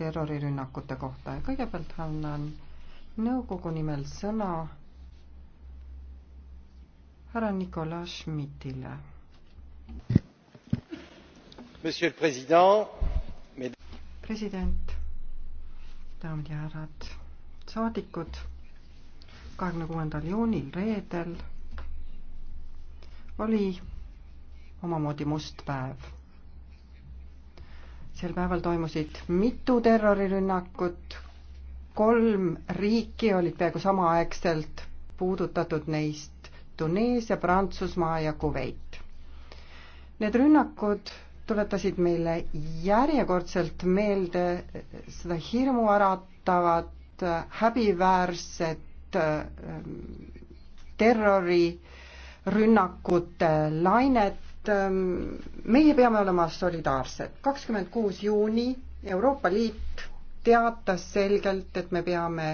terrorirünnakute kohta ja kõigepealt annan nõukogu nimel sõna härra Nicolas Schmidtile. president, daamid ja härrad, saadikud, kahekümne kuuendal juunil reedel oli omamoodi must päev sel päeval toimusid mitu terrorirünnakut, kolm riiki olid peaaegu samaaegselt puudutatud neist Tuneesia, Prantsusmaa ja Kuveit. Need rünnakud tuletasid meile järjekordselt meelde seda hirmuäratavat, häbiväärset ähm, terrorirünnakute lainet, Ähm, meie peame olema solidaarsed. kakskümmend kuus juuni Euroopa Liit teatas selgelt, et me peame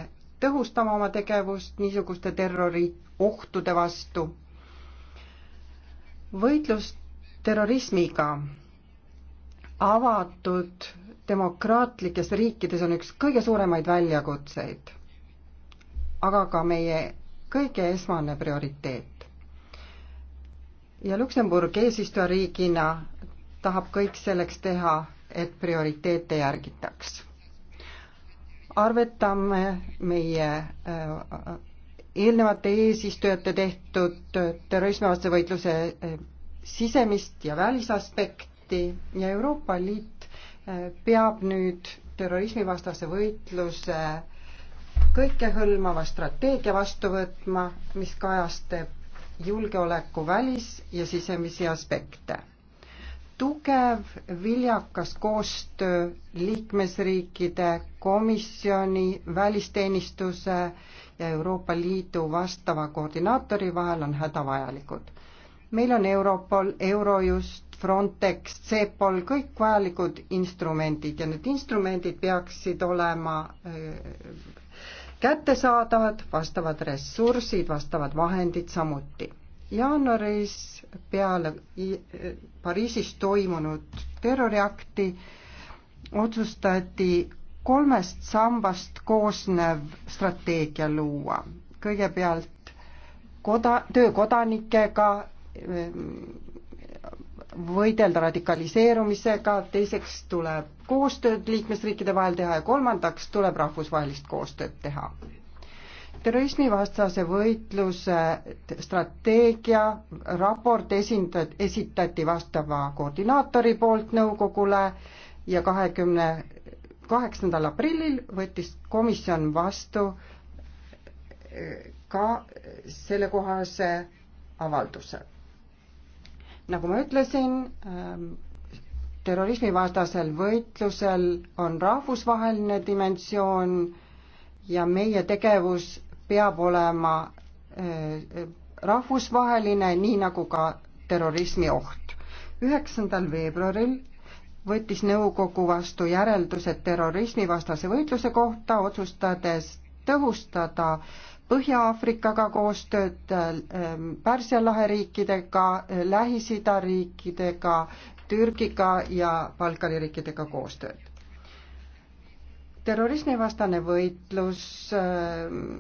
tõhustama oma tegevust niisuguste terroriohtude vastu. võitlus terrorismiga avatud demokraatlikes riikides on üks kõige suuremaid väljakutseid, aga ka meie kõige esmane prioriteet ja Luksemburg eesistujariigina tahab kõik selleks teha, et prioriteete järgitaks. arvetame meie äh, eelnevate eesistujate tehtud terrorismivastase võitluse äh, sisemist ja välisaspekti ja Euroopa Liit äh, peab nüüd terrorismivastase võitluse kõikehõlmava strateegia vastu võtma, mis kajastab julgeoleku välis- ja sisemisi aspekte. tugev viljakas koostöö liikmesriikide, komisjoni, välisteenistuse ja Euroopa Liidu vastava koordinaatori vahel on hädavajalikud. meil on Europol, Eurojust, Frontex, CEPOL, kõik vajalikud instrumendid ja need instrumendid peaksid olema äh, kättesaadavad, vastavad ressursid, vastavad vahendid samuti. jaanuaris peale Pariisis toimunud terroriakti otsustati kolmest sambast koosnev strateegia luua. kõigepealt koda, töö kodanikega, võidelda radikaliseerumisega, teiseks tuleb koostööd liikmesriikide vahel teha ja kolmandaks tuleb rahvusvahelist koostööd teha. terrorismivastase võitluse strateegia raport esindat-, esitati vastava koordinaatori poolt nõukogule ja kahekümne kaheksandal aprillil võttis komisjon vastu eh, ka sellekohase avalduse nagu ma ütlesin, ähm, terrorismivastasel võitlusel on rahvusvaheline dimensioon ja meie tegevus peab olema äh, rahvusvaheline, nii nagu ka terrorismioht. üheksandal veebruaril võttis nõukogu vastu järeldused terrorismivastase võitluse kohta, otsustades tõhustada Põhja-Aafrikaga koostööd, ähm, Pärsia lahe riikidega, äh, Lähis-Ida riikidega, Türgiga ja Balkani riikidega koostööd. terrorismivastane võitlus, ähm,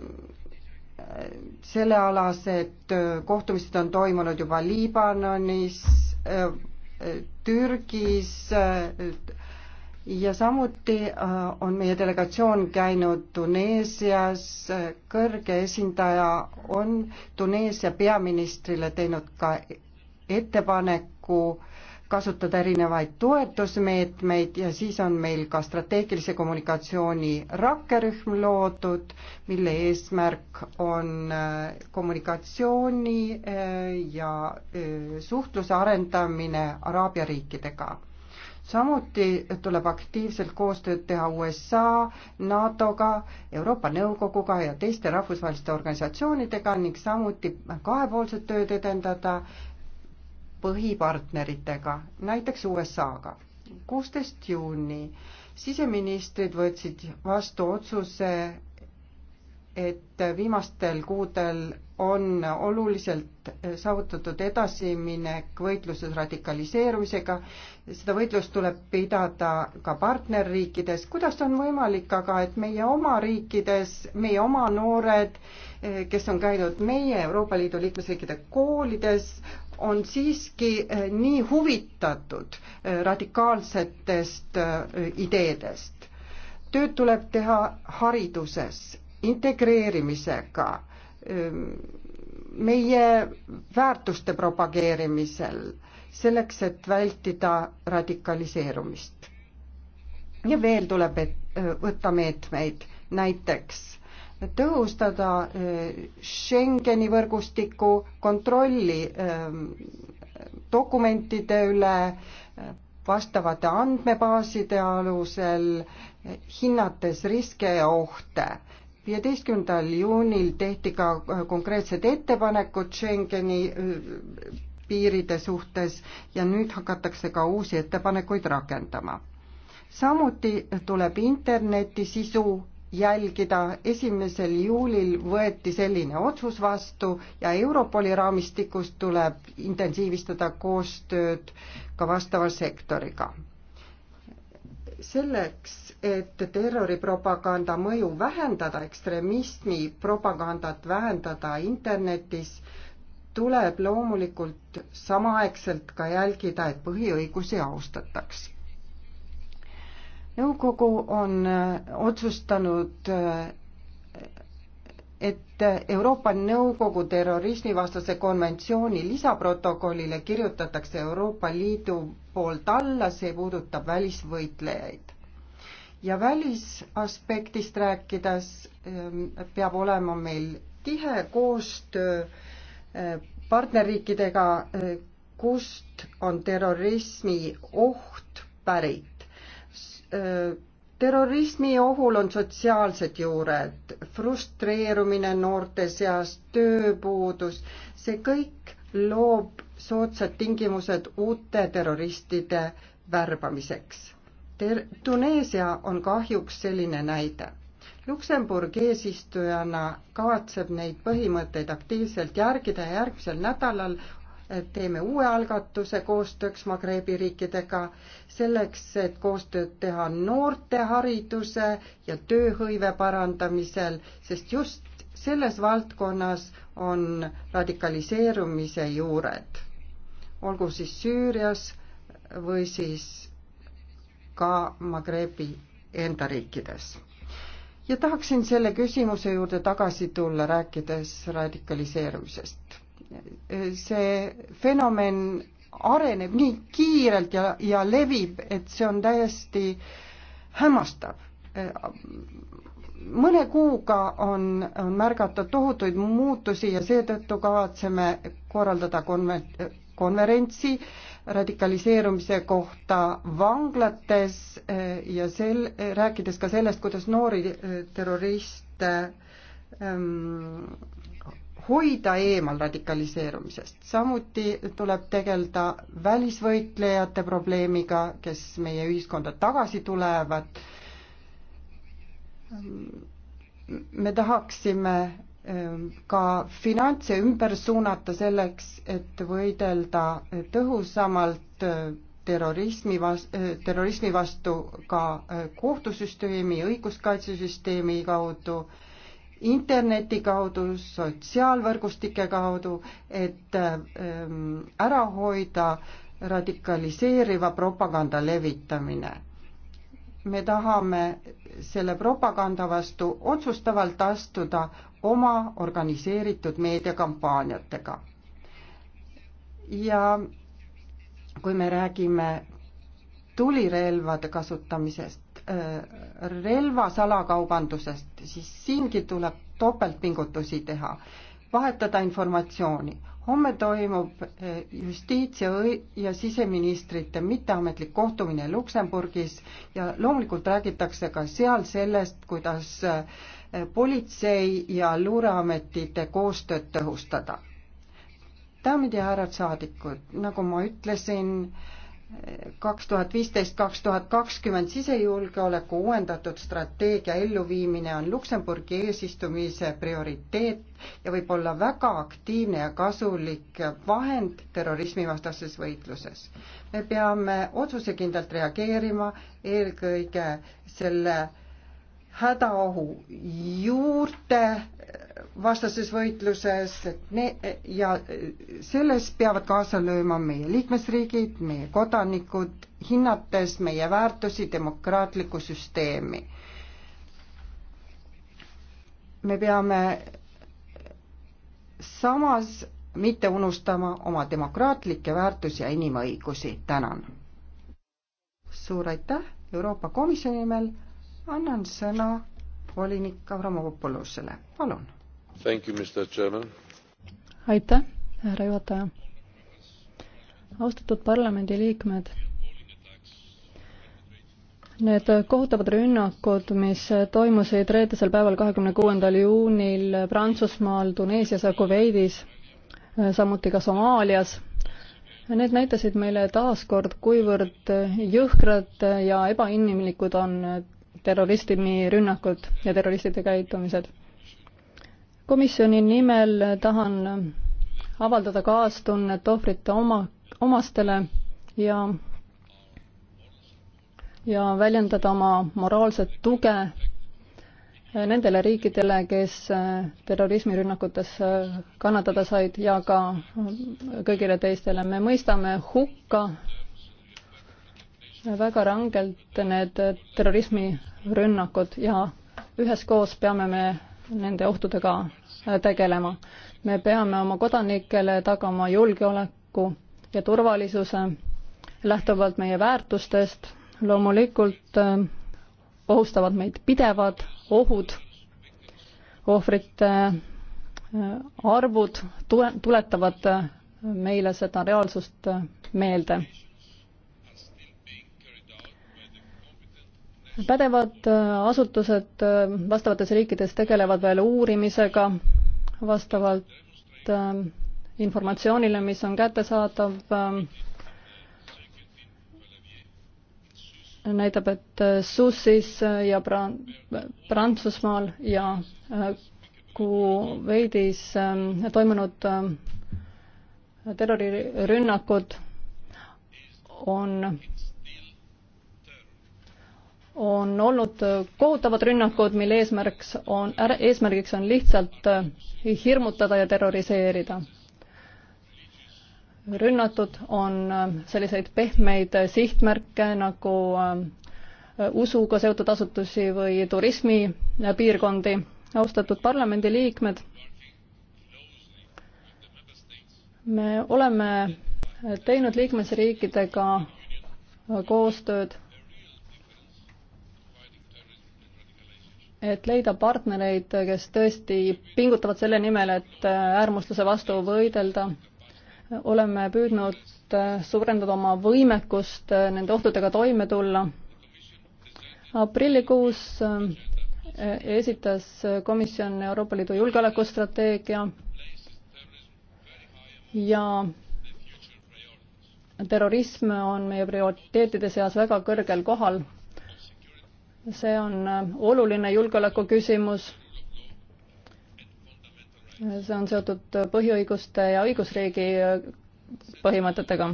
sellealased äh, kohtumised on toimunud juba Liibanonis, äh, Türgis, ja samuti äh, on meie delegatsioon käinud Tuneesias, kõrge esindaja on Tuneesia peaministrile teinud ka ettepaneku kasutada erinevaid toetusmeetmeid ja siis on meil ka strateegilise kommunikatsiooni rakkerühm loodud, mille eesmärk on äh, kommunikatsiooni äh, ja suhtluse arendamine Araabia riikidega samuti tuleb aktiivselt koostööd teha USA, NATO-ga, Euroopa Nõukoguga ja teiste rahvusvaheliste organisatsioonidega ning samuti kahepoolset tööd edendada põhipartneritega, näiteks USA-ga. kuusteist juuni siseministrid võtsid vastu otsuse et viimastel kuudel on oluliselt eh, saavutatud edasiminek võitluses radikaliseerumisega. seda võitlust tuleb pidada ka partnerriikides. kuidas on võimalik aga, et meie oma riikides, meie oma noored, eh, kes on käinud meie Euroopa Liidu liikmesriikide koolides, on siiski eh, nii huvitatud radikaalsetest ideedest? tööd tuleb teha hariduses integreerimisega, ehm, meie väärtuste propageerimisel, selleks, et vältida radikaliseerumist. ja veel tuleb et, e, võtta meetmeid, näiteks tõhustada e, Schengeni võrgustiku kontrolli ehm, dokumentide üle, e, vastavate andmebaaside alusel, hinnates riske ja ohte viieteistkümnendal juunil tehti ka äh, konkreetsed ettepanekud Schengeni äh, piiride suhtes ja nüüd hakatakse ka uusi ettepanekuid rakendama. samuti tuleb interneti sisu jälgida, esimesel juulil võeti selline otsus vastu ja Europoli raamistikus tuleb intensiivistada koostööd ka vastava sektoriga selleks, et terroripropaganda mõju vähendada, ekstremismi propagandat vähendada internetis, tuleb loomulikult samaaegselt ka jälgida, et põhiõigusi austataks. nõukogu on otsustanud et Euroopa Nõukogu terrorismivastase konventsiooni lisaprotokollile kirjutatakse Euroopa Liidu poolt alla, see puudutab välisvõitlejaid. ja välisaspektist rääkides ähm, peab olema meil tihe koostöö äh, partnerriikidega, äh, kust on terrorismi oht pärit äh, terrorismi ohul on sotsiaalsed juured, frustreerumine noorte seas, tööpuudus, see kõik loob soodsad tingimused uute terroristide värbamiseks. Ter-, Tuneesia on kahjuks selline näide. Luksemburg eesistujana kavatseb neid põhimõtteid aktiivselt järgida ja järgmisel nädalal teeme uue algatuse koostööks Magrebi riikidega, selleks, et koostööd teha noorte hariduse ja tööhõive parandamisel, sest just selles valdkonnas on radikaliseerumise juured, olgu siis Süürias või siis ka Magrebi enda riikides. ja tahaksin selle küsimuse juurde tagasi tulla, rääkides radikaliseerumisest see fenomen areneb nii kiirelt ja, ja levib, et see on täiesti hämmastav. mõne kuuga on, on märgata tohutuid muutusi ja seetõttu kavatseme korraldada konver-, konverentsi radikaliseerumise kohta vanglates eh, ja sel-, rääkides ka sellest, kuidas noori eh, terroriste ähm, hoida eemal radikaliseerumisest. samuti tuleb tegeleda välisvõitlejate probleemiga, kes meie ühiskonda tagasi tulevad. me tahaksime ähm, ka finantse ümber suunata selleks, et võidelda tõhusamalt äh, terrorismi vas-, äh, terrorismi vastu ka äh, kohtusüsteemi, õiguskaitsesüsteemi kaudu äh, interneti kaudu, sotsiaalvõrgustike kaudu, et ähm, ära hoida radikaliseeriva propaganda levitamine. me tahame selle propaganda vastu otsustavalt astuda oma organiseeritud meediakampaaniatega. ja kui me räägime tulirelvade kasutamisest, äh, relva salakaubandusest, siis siingi tuleb topeltpingutusi teha, vahetada informatsiooni. homme toimub eh, justiits- ja õi-, ja siseministrite mitteametlik kohtumine Luksemburgis ja loomulikult räägitakse ka seal sellest, kuidas eh, politsei ja luureametite koostööd tõhustada. daamid ja härrad saadikud, nagu ma ütlesin, kaks tuhat viisteist, kaks tuhat kakskümmend sisejulgeoleku uuendatud strateegia elluviimine on Luksemburgi eesistumise prioriteet ja võib olla väga aktiivne ja kasulik vahend terrorismivastases võitluses. me peame otsusekindlalt reageerima eelkõige selle hädaohu juurte vastases võitluses ne, ja selles peavad kaasa lööma meie liikmesriigid, meie kodanikud, hinnates meie väärtusi, demokraatlikku süsteemi. me peame samas mitte unustama oma demokraatlikke väärtusi ja inimõigusi. tänan. suur aitäh Euroopa Komisjoni nimel, annan sõna volinik Avramopoulosele, palun aitäh, härra juhataja. austatud parlamendiliikmed Need kohutavad rünnakud, mis toimusid reedesel päeval, kahekümne kuuendal juunil Prantsusmaal, Tuneesias ja Kuveidis, samuti ka Somaalias, need näitasid meile taaskord, kuivõrd jõhkrad ja ebainimlikud on terrorismirünnakud ja terroristide käitumised komisjoni nimel tahan avaldada kaastunnet ohvrite oma, omastele ja ja väljendada oma moraalset tuge nendele riikidele, kes äh, terrorismirünnakutes äh, kannatada said ja ka kõigile teistele. me mõistame hukka väga rangelt need terrorismirünnakud ja üheskoos peame me nende ohtudega äh, tegelema. me peame oma kodanikele tagama julgeoleku ja turvalisuse lähtuvalt meie väärtustest. loomulikult äh, ohustavad meid pidevad ohud, ohvrite äh, arvud tuletavad meile seda reaalsust meelde pädevad äh, asutused äh, vastavates riikides tegelevad veel uurimisega vastavalt äh, informatsioonile, mis on kättesaadav, näitab, et Suussis ja Prantsusmaal ja Kuveidis toimunud terrorirünnakud on on olnud kohutavad rünnakud, mille eesmärks on, eesmärgiks on lihtsalt äh, hirmutada ja terroriseerida. rünnatud on äh, selliseid pehmeid äh, sihtmärke nagu usuga seotud asutusi või turismipiirkondi. austatud parlamendiliikmed, me oleme teinud liikmesriikidega koostööd et leida partnereid, kes tõesti pingutavad selle nimel, et äärmusluse vastu võidelda. oleme püüdnud äh, suurendada oma võimekust äh, nende ohtudega toime tulla. aprillikuus äh, esitas komisjon Euroopa Liidu julgeolekustrateegia ja terrorism on meie prioriteetide seas väga kõrgel kohal see on äh, oluline julgeolekuküsimus. see on seotud äh, põhiõiguste ja õigusriigi äh, põhimõtetega.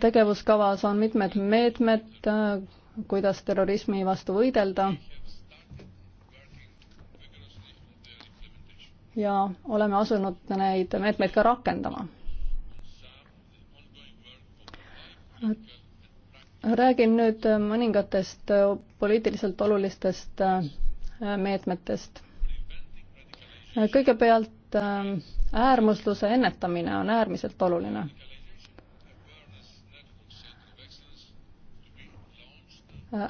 tegevuskavas on mitmed meetmed, kuidas terrorismi vastu võidelda. ja oleme asunud neid meetmeid ka rakendama räägin nüüd äh, mõningatest äh, poliitiliselt olulistest äh, meetmetest. kõigepealt äärmusluse ennetamine on äärmiselt oluline.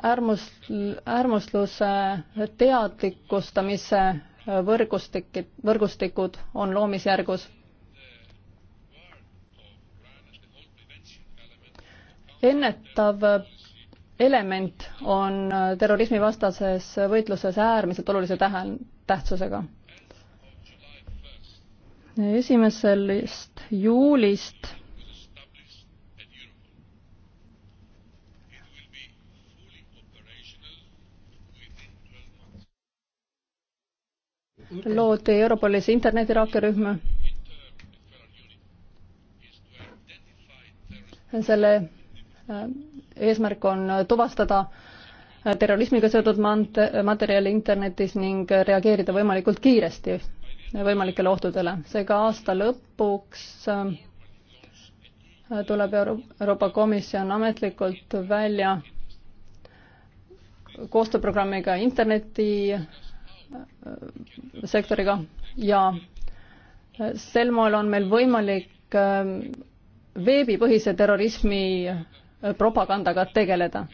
äärmus, äärmusluse teadlikustamise võrgustikid, võrgustikud on loomisjärgus ennetav element on terrorismivastases võitluses äärmiselt olulise tähe, tähtsusega. esimesest juulist loodi Europolis internetirakkerühm. selle Äh, eesmärk on äh, tuvastada äh, terrorismiga seotud mant-, materjali internetis ning reageerida võimalikult kiiresti võimalikele ohtudele. seega aasta lõpuks tuleb Euro Euroopa Komisjon ametlikult välja koostööprogrammiga interneti sektoriga ja sel moel on meil võimalik veebipõhise terrorismi Äh, propagandaga tegeleda.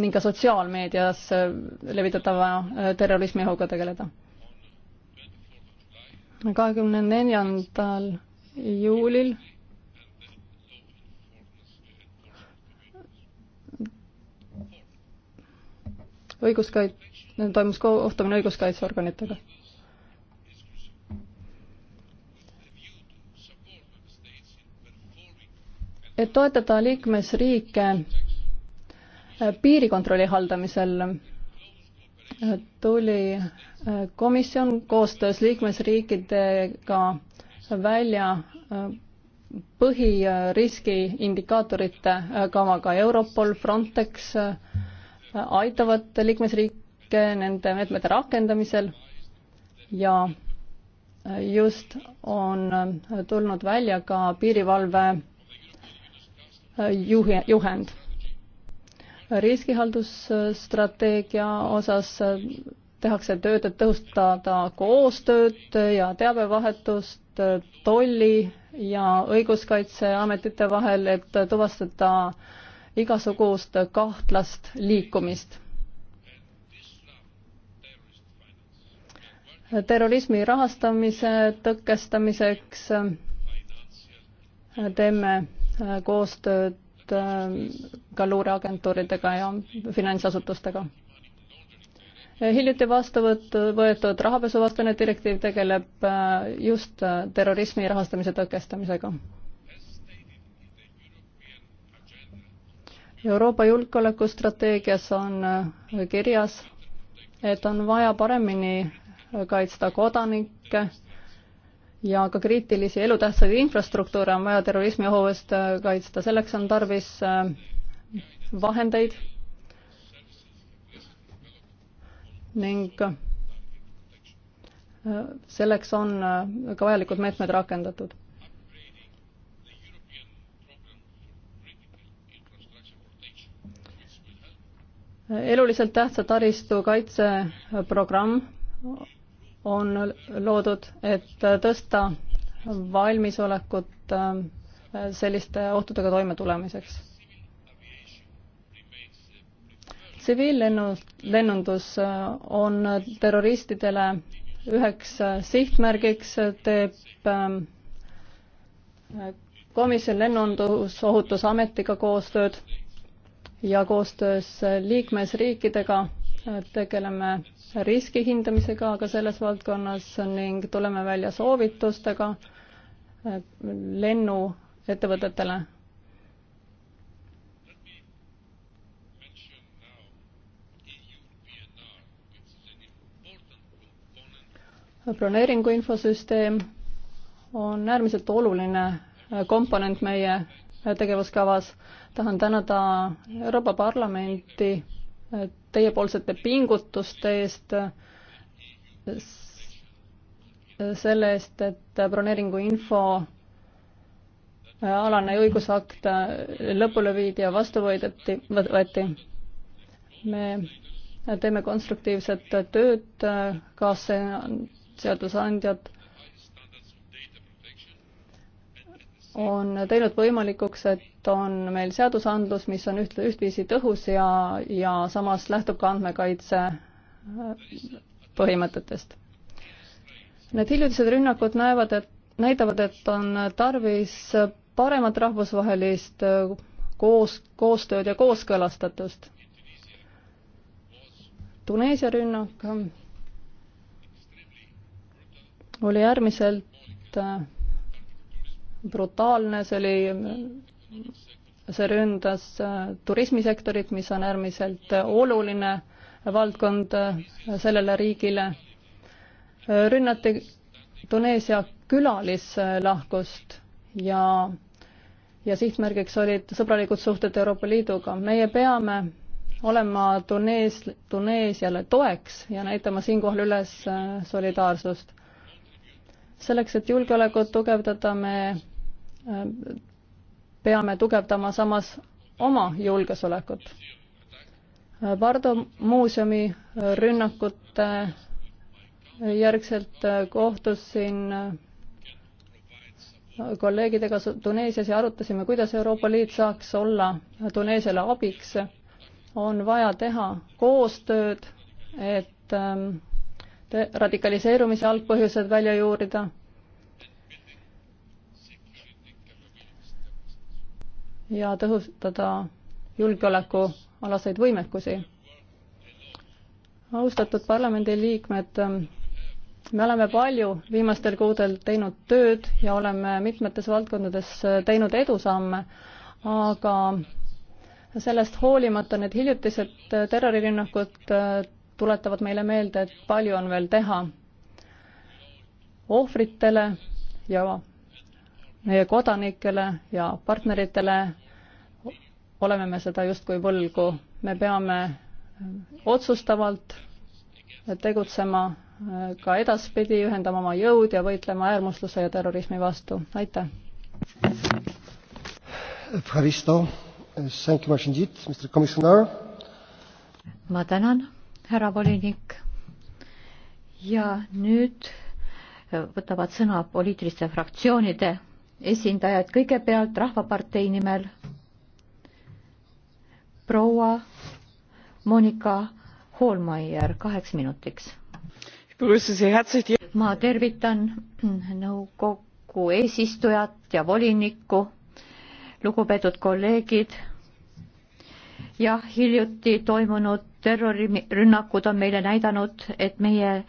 ning ka sotsiaalmeedias äh, levitatava äh, terrorismihohuga tegeleda. kahekümne neljandal juulil õiguskait-, toimus kohtumine õiguskaitseorganitega et toetada liikmesriike äh, piirikontrolli haldamisel äh, tuli äh, komisjon koostöös liikmesriikidega välja põhiriski indikaatorite kavaga Europol, Frontex aitavad liikmesriike nende meetmete rakendamisel ja just on tulnud välja ka piirivalve juhi, juhend. riskihaldusstrateegia osas äh, tehakse tööd, et tõhustada koostööd ja teabevahetust äh, tolli ja õiguskaitseametite vahel, et tuvastada igasugust kahtlast liikumist. terrorismi rahastamise tõkestamiseks äh, teeme Äh, koostööd äh, ka luureagentuuridega ja finantsasutustega. Äh, hiljuti vastu võetud rahapesuvastane direktiiv tegeleb just terrorismi rahastamise tõkestamisega. Euroopa julgeolekustrateegias on kirjas, et on vaja paremini kaitsta kodanikke ja ka kriitilisi elutähtsaid infrastruktuure on vaja terrorismiohu eest äh, kaitsta, selleks on tarvis äh, vahendeid ning äh, selleks on ka vajalikud meetmed rakendatud. eluliselt tähtsa taristu kaitseprogramm on loodud, et tõsta valmisolekut äh, selliste ohtudega toimetulemiseks. tsiviillennundus äh, on terroristidele üheks äh, sihtmärgiks, teeb ähm, komisjon Lennundusohutusametiga koostööd ja koostöös liikmesriikidega tegeleme riski hindamisega ka selles valdkonnas ning tuleme välja soovitustega eh, lennuettevõtetele. broneeringu infosüsteem on äärmiselt oluline eh, komponent meie eh, tegevuskavas. tahan tänada Euroopa Parlamenti teiepoolsete pingutuste eest, selle eest, et broneeringu info alane õigusakt lõpule viidi ja vastu võideti, võeti. me teeme konstruktiivset tööd, kas seadusandjad on teinud võimalikuks, et on meil seadusandlus, mis on üht, ühtviisi tõhus ja, ja samas lähtub ka andmekaitse äh, põhimõtetest. Need hiljutised rünnakud näevad, et, näitavad, et on tarvis paremat rahvusvahelist äh, koos, koostööd ja kooskõlastatust. Tuneesia rünnak äh, oli äärmiselt brutaalne, see oli see ründas äh, turismisektorit, mis on äärmiselt äh, oluline valdkond äh, sellele riigile. rünnati Tuneesia külalislahkust ja, ja sihtmärgiks olid sõbralikud suhted Euroopa Liiduga. meie peame olema Tunees, Tuneesiale toeks ja näitama siinkohal üles solidaarsust. selleks, et julgeolekut tugevdada, me peame tugevdama samas oma julgesolekut. Vardo muuseumi rünnakute järgselt kohtusin kolleegidega Tuneesias ja arutasime, kuidas Euroopa Liit saaks olla Tuneesiale abiks. on vaja teha koostööd, et ähm, radikaliseerumise algpõhjused välja juurida ja tõhustada julgeolekualaseid võimekusi. austatud parlamendiliikmed, me oleme palju viimastel kuudel teinud tööd ja oleme mitmetes valdkondades teinud edusamme, aga sellest hoolimata need hiljutised terrorirünnakud tuletavad meile meelde, et palju on veel teha ohvritele ja meie kodanikele ja partneritele oleme me seda justkui võlgu. me peame otsustavalt tegutsema äh, ka edaspidi, ühendama oma jõud ja võitlema äärmusluse ja terrorismi vastu. aitäh! ma tänan, härra volinik. ja nüüd äh, võtavad sõna poliitiliste fraktsioonide esindajad, kõigepealt Rahvapartei nimel proua Monika Hoolmeier kaheks minutiks. ma tervitan nõukogu eesistujat ja volinikku, lugupeetud kolleegid. jah, hiljuti toimunud terrorirünnakud on meile näidanud, et meie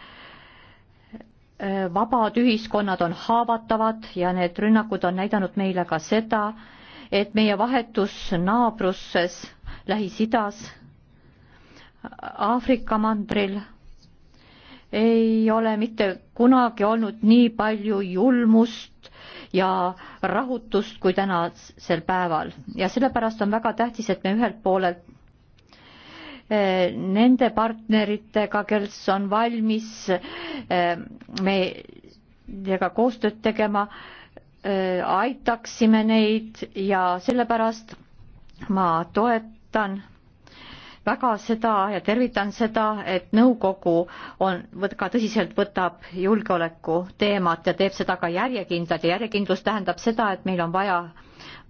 vabad ühiskonnad on haavatavad ja need rünnakud on näidanud meile ka seda, et meie vahetus naabruses Lähis-Idas, Aafrika mandril ei ole mitte kunagi olnud nii palju julmust ja rahutust kui tänasel päeval ja sellepärast on väga tähtis, et me ühelt poolelt nende partneritega, kes on valmis eh, meiega koostööd tegema, eh, aitaksime neid ja sellepärast ma toetan väga seda ja tervitan seda, et nõukogu on, ka tõsiselt võtab julgeoleku teemat ja teeb seda ka järjekindlalt ja järjekindlus tähendab seda, et meil on vaja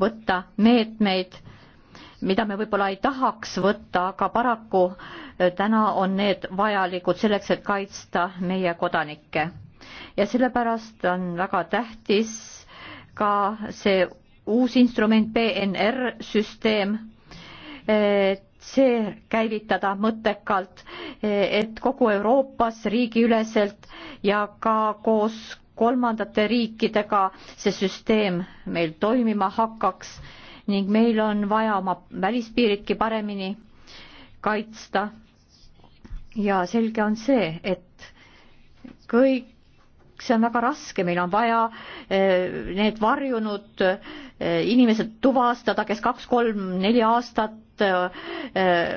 võtta meetmeid meet, mida me võib-olla ei tahaks võtta, aga paraku äh, täna on need vajalikud selleks, et kaitsta meie kodanikke. ja sellepärast on väga tähtis ka see uus instrument, PNR-süsteem, et äh, see käivitada mõttekalt, äh, et kogu Euroopas riigiüleselt ja ka koos kolmandate riikidega see süsteem meil toimima hakkaks ning meil on vaja oma välispiiridki paremini kaitsta. ja selge on see, et kõik, see on väga raske, meil on vaja eh, need varjunud eh, inimesed tuvastada, kes kaks-kolm-neli aastat eh,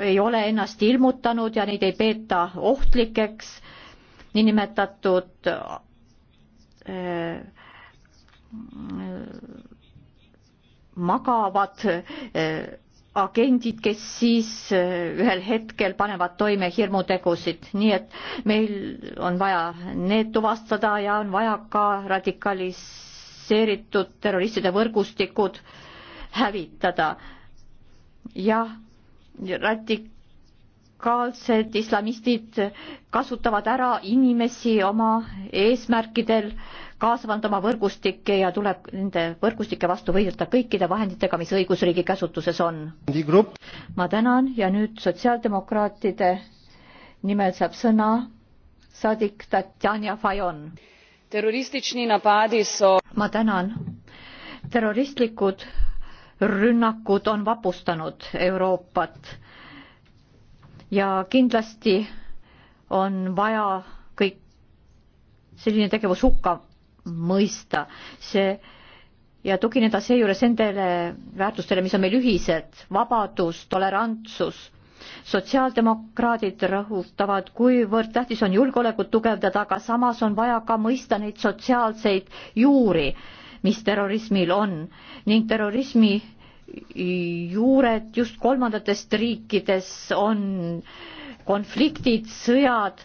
ei ole ennast ilmutanud ja neid ei peeta ohtlikeks, niinimetatud äh, magavad eh, agendid, kes siis eh, ühel hetkel panevad toime hirmutegusid, nii et meil on vaja need tuvastada ja on vaja ka radikaliseeritud terroristide võrgustikud hävitada. jah, radik-, radikaalsed islamistid kasutavad ära inimesi oma eesmärkidel, kaasavad oma võrgustikke ja tuleb nende võrgustike vastu võidelda kõikide vahenditega, mis õigusriigi käsutuses on. ma tänan ja nüüd sotsiaaldemokraatide nimel saab sõna saadik Tatjana Fajon. terroristlični napadi so ma tänan. terroristlikud rünnakud on vapustanud Euroopat ja kindlasti on vaja kõik selline tegevus hukka mõista, see ja tugineda seejuures nendele väärtustele, mis on meil ühised, vabadus, tolerantsus. sotsiaaldemokraadid rõhutavad, kuivõrd tähtis on julgeolekut tugevdada, aga samas on vaja ka mõista neid sotsiaalseid juuri, mis terrorismil on ning terrorismi juured just kolmandatest riikides on konfliktid, sõjad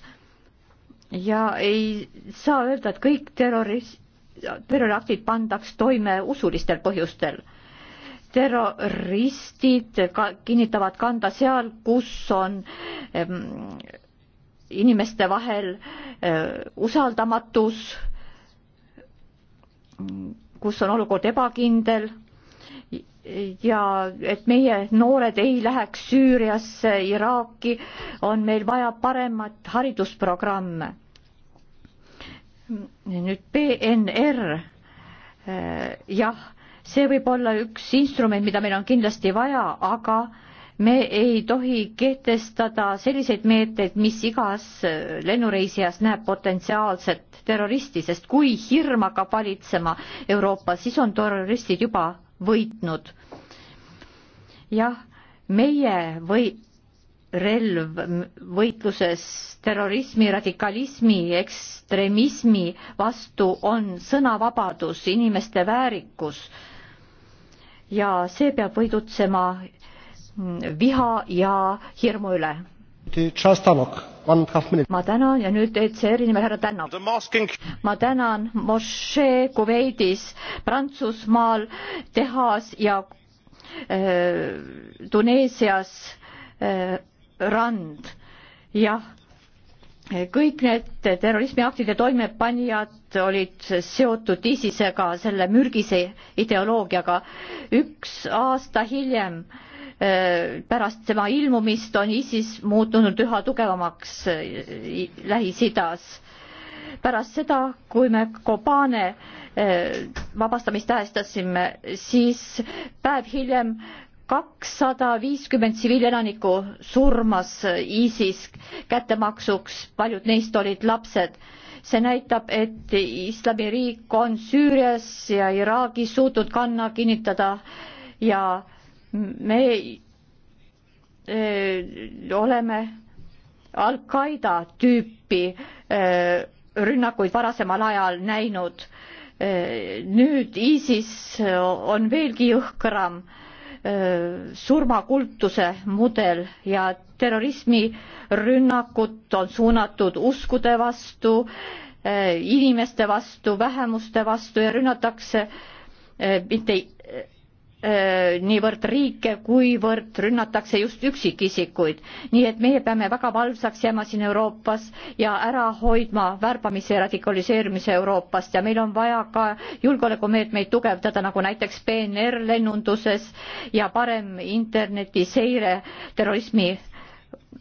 ja ei saa öelda, et kõik terroris-, terroriaktid pandaks toime usulistel põhjustel. terroristid ka kinnitavad kanda seal, kus on ähm, inimeste vahel äh, usaldamatus, kus on olukord ebakindel ja et meie noored ei läheks Süüriasse, Iraaki, on meil vaja paremat haridusprogramme. nüüd PNR, eh, jah, see võib olla üks instrument, mida meil on kindlasti vaja, aga me ei tohi kehtestada selliseid meetmeid, mis igas eh, lennureisijas näeb potentsiaalset terroristi, sest kui hirm hakkab valitsema Euroopas, siis on terroristid juba võitnud. jah, meie või relv võitluses terrorismi, radikalismi, ekstremismi vastu on sõnavabadus, inimeste väärikus ja see peab võidutsema viha ja hirmu üle ma tänan ja nüüd ECR-i nimel härra Tänak. ma tänan Moshe Kuveidis, Prantsusmaal, Tehas ja äh, Tuneesias äh, rand. jah, kõik need terrorismiaktide toimepanijad olid seotud ISISega, selle mürgise ideoloogiaga. üks aasta hiljem äh, Äh, pärast tema ilmumist on ISIS muutunud üha tugevamaks äh, Lähis-Idas. pärast seda, kui me Kobane äh, vabastamist tähestasime, siis päev hiljem kakssada viiskümmend tsiviilelanikku surmas ISIS kättemaksuks, paljud neist olid lapsed see näitab, et islamiriik on Süürias ja Iraagis suutnud kanna kinnitada ja me e, oleme Al-Qaeda tüüpi e, rünnakuid varasemal ajal näinud. E, nüüd ISIS on veelgi jõhkram surmakultuse mudel ja terrorismirünnakud on suunatud uskude vastu, inimeste vastu, vähemuste vastu ja rünnatakse mitte Äh, niivõrd riike, kuivõrd rünnatakse just üksikisikuid. nii et meie peame väga valvsaks jääma siin Euroopas ja ära hoidma värbamise ja radikaliseerimise Euroopast ja meil on vaja ka julgeolekumeetmeid tugevdada, nagu näiteks PNR lennunduses ja parem internetiseire terrorismi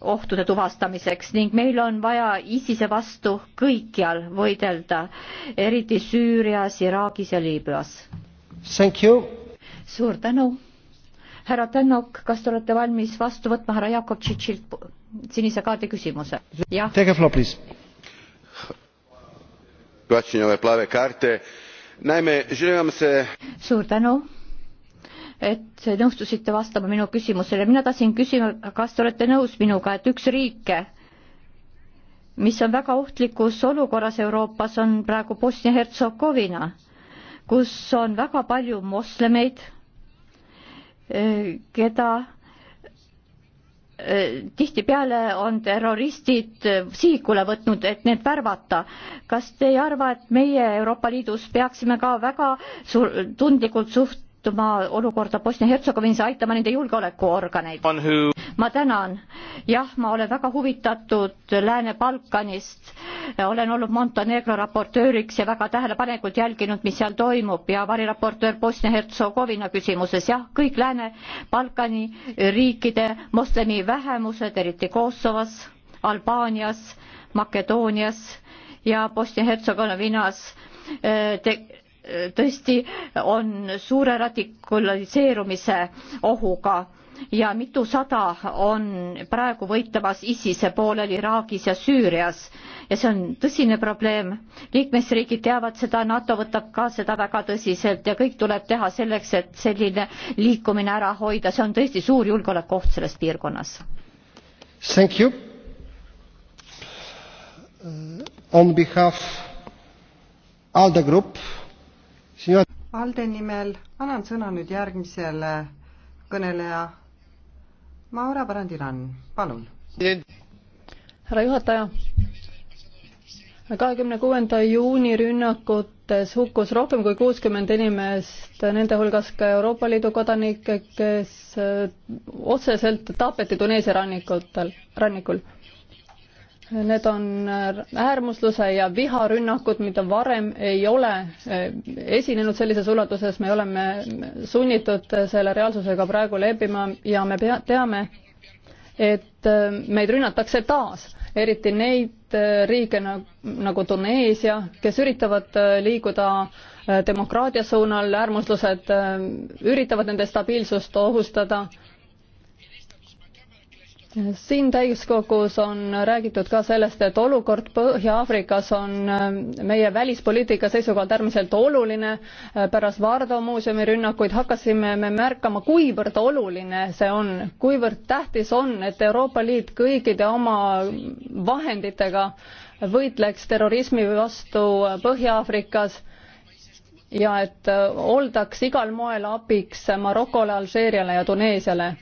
ohtude tuvastamiseks ning meil on vaja ISISe vastu kõikjal võidelda, eriti Süürias, Iraagis ja Liibüas. Thank you suur tänu. härra Tänok, kas te olete valmis vastu võtma härra Jakob Tšitšilt sinise kaardi küsimuse? jah. tege flow please. suur tänu et nõustusite vastama minu küsimusele. mina tahtsin küsima, kas te olete nõus minuga, et üks riike, mis on väga ohtlikus olukorras Euroopas, on praegu Bosnia-Hertsegoviina kus on väga palju moslemeid, eh, keda eh, tihtipeale on terroristid eh, sihikule võtnud, et need värvata. kas te ei arva, et meie Euroopa Liidus peaksime ka väga tundlikult suht-, muutma olukorda Bosnia-Hertsegoviinis, aitama nende julgeolekuorganeid. ma tänan. jah, ma olen väga huvitatud Lääne-Balkanist, olen olnud Montenegro raportööriks ja väga tähelepanelikult jälginud, mis seal toimub ja variraportöör Bosnia-Hertsegoviina küsimuses, jah, kõik Lääne-Balkani riikide moslemi vähemused, eriti Kosovos, Albaanias, Makedoonias ja Bosnia-Hertsegoviinas eh, te-, tõesti on suure radikaliseerumise ohuga ja mitusada on praegu võitlemas ISISe poolel Iraagis ja Süürias ja see on tõsine probleem. liikmesriigid teavad seda, NATO võtab ka seda väga tõsiselt ja kõik tuleb teha selleks, et selline liikumine ära hoida, see on tõesti suur julgeolekuoht selles piirkonnas. Thank you. On behalf ALDE Group Alde nimel annan sõna nüüd järgmisele kõneleja Maura Brandiran, palun. härra juhataja, kahekümne kuuenda juuni rünnakutes hukkus rohkem kui kuuskümmend inimest, nende hulgas ka Euroopa Liidu kodanikke, kes otseselt tapeti Tuneesia rannikutel, rannikul Need on äärmusluse ja viharünnakud, mida varem ei ole eh, esinenud sellises ulatuses, me oleme sunnitud selle reaalsusega praegu leppima ja me pea, teame, et eh, meid rünnatakse taas, eriti neid eh, riike nagu Tuneesia, kes üritavad liiguda demokraatia suunal, äärmuslused üritavad nende stabiilsust ohustada siin täiskogus on räägitud ka sellest, et olukord Põhja-Aafrikas on äh, meie välispoliitika seisukohalt äärmiselt oluline. Äh, pärast Vardo muuseumi rünnakuid hakkasime me märkama, kuivõrd oluline see on, kuivõrd tähtis on, et Euroopa Liit kõikide oma vahenditega võitleks terrorismi vastu äh, Põhja-Aafrikas ja et oldaks igal moel abiks Marokole, Alžeeriale ja Tuneesiale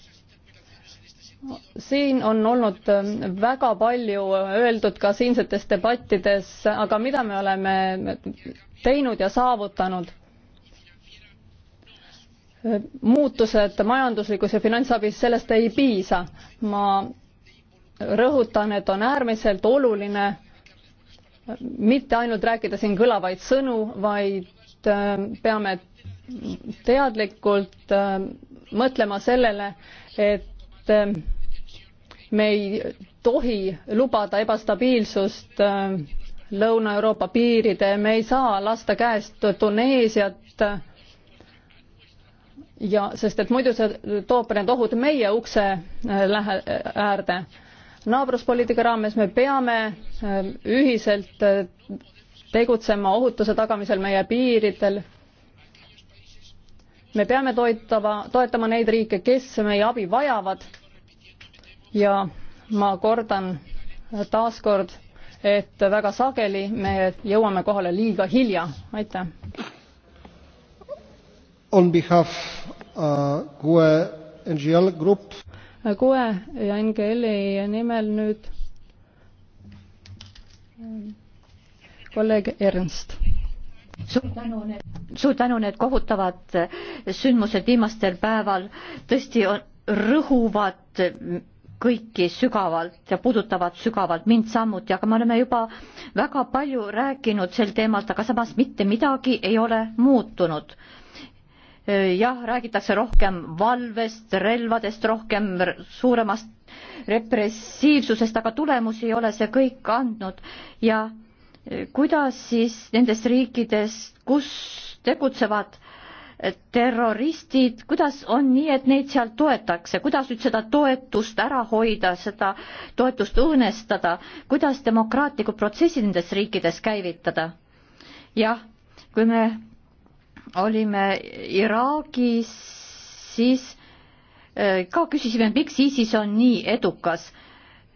siin on olnud ähm, väga palju äh, öeldud ka siinsetes debattides, aga mida me oleme teinud ja saavutanud? Äh, muutused majanduslikus ja finantsabis, sellest ei piisa. ma rõhutan, et on äärmiselt oluline äh, mitte ainult rääkida siin kõlavaid sõnu, vaid peame teadlikult mõtlema sellele, et et eh, me ei tohi lubada ebastabiilsust eh, Lõuna-Euroopa piiride, me ei saa lasta käest Tuneesiat eh, ja sest et muidu see toob need ohud meie ukse lähe, äärde. naabruspoliitika raames me peame ühiselt tegutsema ohutuse tagamisel meie piiridel me peame toitava, toetama neid riike, kes meie abi vajavad ja ma kordan taaskord, et väga sageli me jõuame kohale liiga hilja, aitäh. On behalf uh, GUE NGL Group. GUE ja NGL-i e nimel nüüd kolleeg Ernst suur tänu, need, suur tänu, need kohutavad äh, sündmused viimastel päeval tõesti on, rõhuvad kõiki sügavalt ja puudutavad sügavalt mind samuti, aga me oleme juba väga palju rääkinud sel teemalt, aga samas mitte midagi ei ole muutunud. Äh, jah, räägitakse rohkem valvest, relvadest, rohkem suuremast repressiivsusest, aga tulemusi ei ole see kõik andnud ja kuidas siis nendest riikidest, kus tegutsevad terroristid, kuidas on nii, et neid seal toetakse, kuidas nüüd seda toetust ära hoida, seda toetust õõnestada, kuidas demokraatlikud protsessid nendes riikides käivitada? jah, kui me olime Iraagis, siis äh, ka küsisime, miks ISIS on nii edukas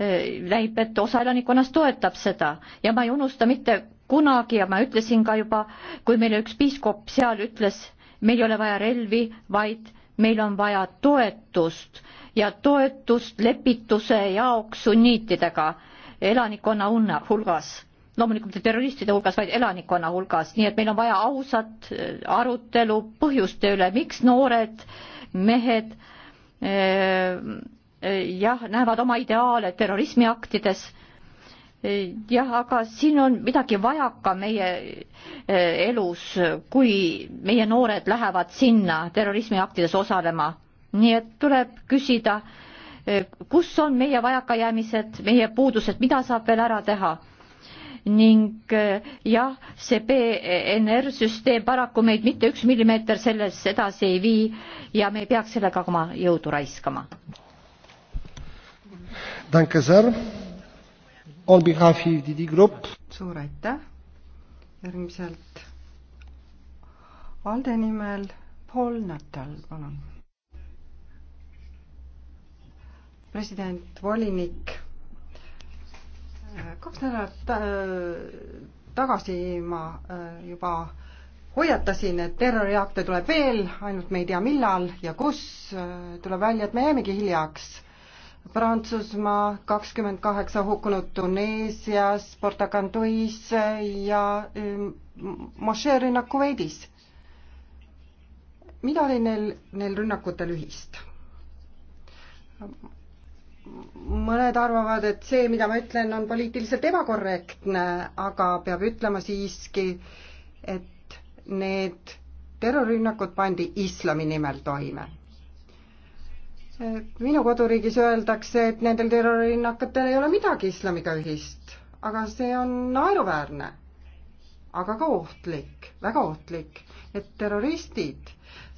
Äh, näib, et osa elanikkonnast toetab seda ja ma ei unusta mitte kunagi ja ma ütlesin ka juba, kui meile üks piiskop seal ütles, meil ei ole vaja relvi, vaid meil on vaja toetust ja toetust lepituse jaoks sunniitidega elanikkonna unna, hulgas loomulikult mitte terroristide hulgas, vaid elanikkonna hulgas, nii et meil on vaja ausat äh, arutelu põhjuste üle, miks noored mehed öö, äh, jah, näevad oma ideaale terrorismiaktides. jah, aga siin on midagi vajaka meie eh, elus, kui meie noored lähevad sinna terrorismiaktides osalema. nii et tuleb küsida, eh, kus on meie vajakajäämised, meie puudused, mida saab veel ära teha ning eh, jah, see PNR süsteem paraku meid mitte üks millimeeter selles edasi ei vii ja me ei peaks sellega oma jõudu raiskama suur aitäh. järgmiselt Alde nimel Paul Natal, palun. president, volinik. kaks nädalat äh, tagasi ma äh, juba hoiatasin, et terroriakte tuleb veel, ainult me ei tea, millal ja kus. Äh, tuleb välja, et me jäämegi hiljaks Prantsusmaa, kakskümmend kaheksa hukkunut Tuneesias, Portaganduis ja ähm, Moshe rünnak Kuveidis. mida oli neil, neil rünnakutel ühist? mõned arvavad, et see, mida ma ütlen, on poliitiliselt ebakorrektne, aga peab ütlema siiski, et need terrorirünnakud pandi islami nimel toime minu koduriigis öeldakse, et nendel terrorirünnakutel ei ole midagi islamiga ühist, aga see on naeruväärne. aga ka ohtlik, väga ohtlik, et terroristid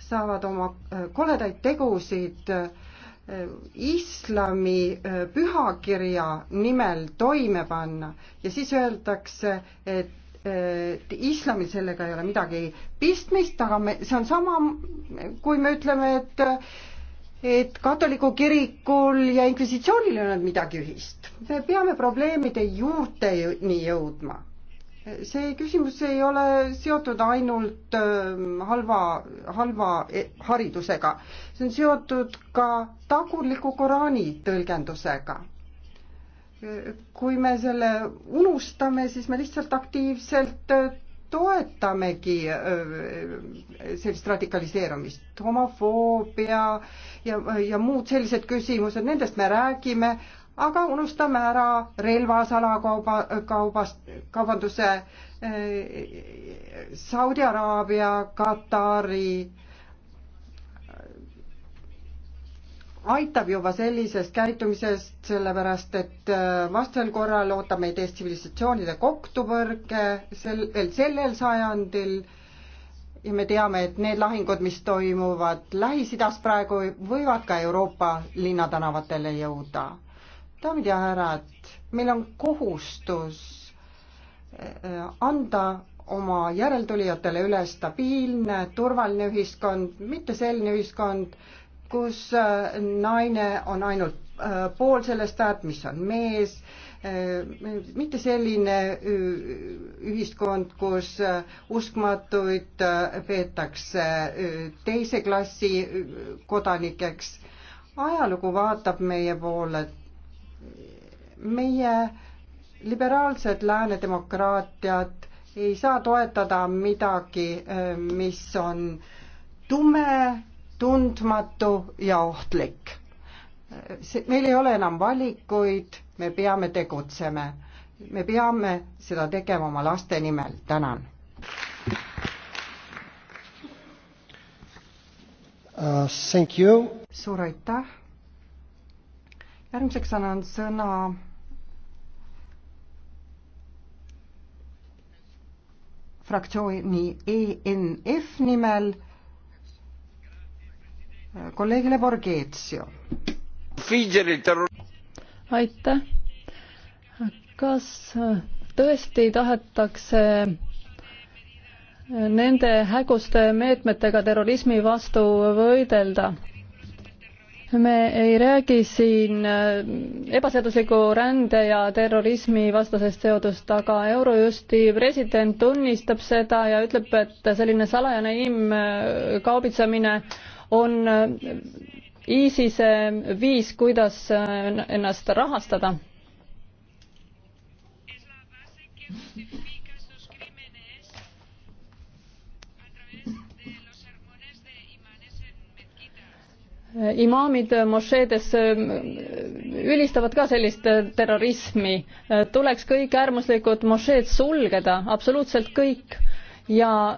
saavad oma äh, koledaid tegusid äh, islami äh, pühakirja nimel toime panna ja siis öeldakse, et islamil sellega ei ole midagi pistmist, aga me, see on sama, kui me ütleme, et et katoliku kirikul ja inkvisitsioonil ei olnud midagi ühist. me peame probleemide juurteni jõudma. see küsimus ei ole seotud ainult ähm, halva, halva e, haridusega, see on seotud ka tagurliku Koraani tõlgendusega. kui me selle unustame, siis me lihtsalt aktiivselt äh, toetamegi äh, sellist radikaliseerumist, homofoobia ja, ja muud sellised küsimused, nendest me räägime, aga unustame ära relvasalakauba, kaubast, kaubanduse äh, Saudi Araabia, Katari aitab juba sellisest käitumisest, sellepärast et äh, vastasel korral ootab meid ees tsivilisatsioonide koktupõrge äh, sel, veel sellel sajandil ja me teame, et need lahingud, mis toimuvad Lähis-Idas praegu, võivad ka Euroopa linnatänavatele jõuda. daamid ja härrad, meil on kohustus äh, anda oma järeltulijatele üle stabiilne, turvaline ühiskond, mitte selline ühiskond, kus äh, naine on ainult äh, pool sellest väärt, mis on mees, äh, mitte selline ühiskond, kus uskmatuid peetakse teise klassi kodanikeks. ajalugu vaatab meie poole. meie liberaalsed lääne demokraatiad ei saa toetada midagi, mis on tume tundmatu ja ohtlik. meil ei ole enam valikuid, me peame tegutsema. me peame seda tegema oma laste nimel, tänan. Uh, thank you. suur aitäh. järgmiseks annan sõna fraktsiooni ENF nimel kolleegile Borghezio. aitäh. kas tõesti tahetakse nende häguste meetmetega terrorismi vastu võidelda? me ei räägi siin ebaseadusliku rände ja terrorismi vastasest seadust, aga Eurojusti president tunnistab seda ja ütleb, et selline salajane inimkaubitsemine äh, on äh, ISISe äh, viis, kuidas äh, ennast rahastada. imaamid mošeedes ülistavad ka sellist terrorismi. tuleks kõik äärmuslikud mošeed sulgeda, absoluutselt kõik ja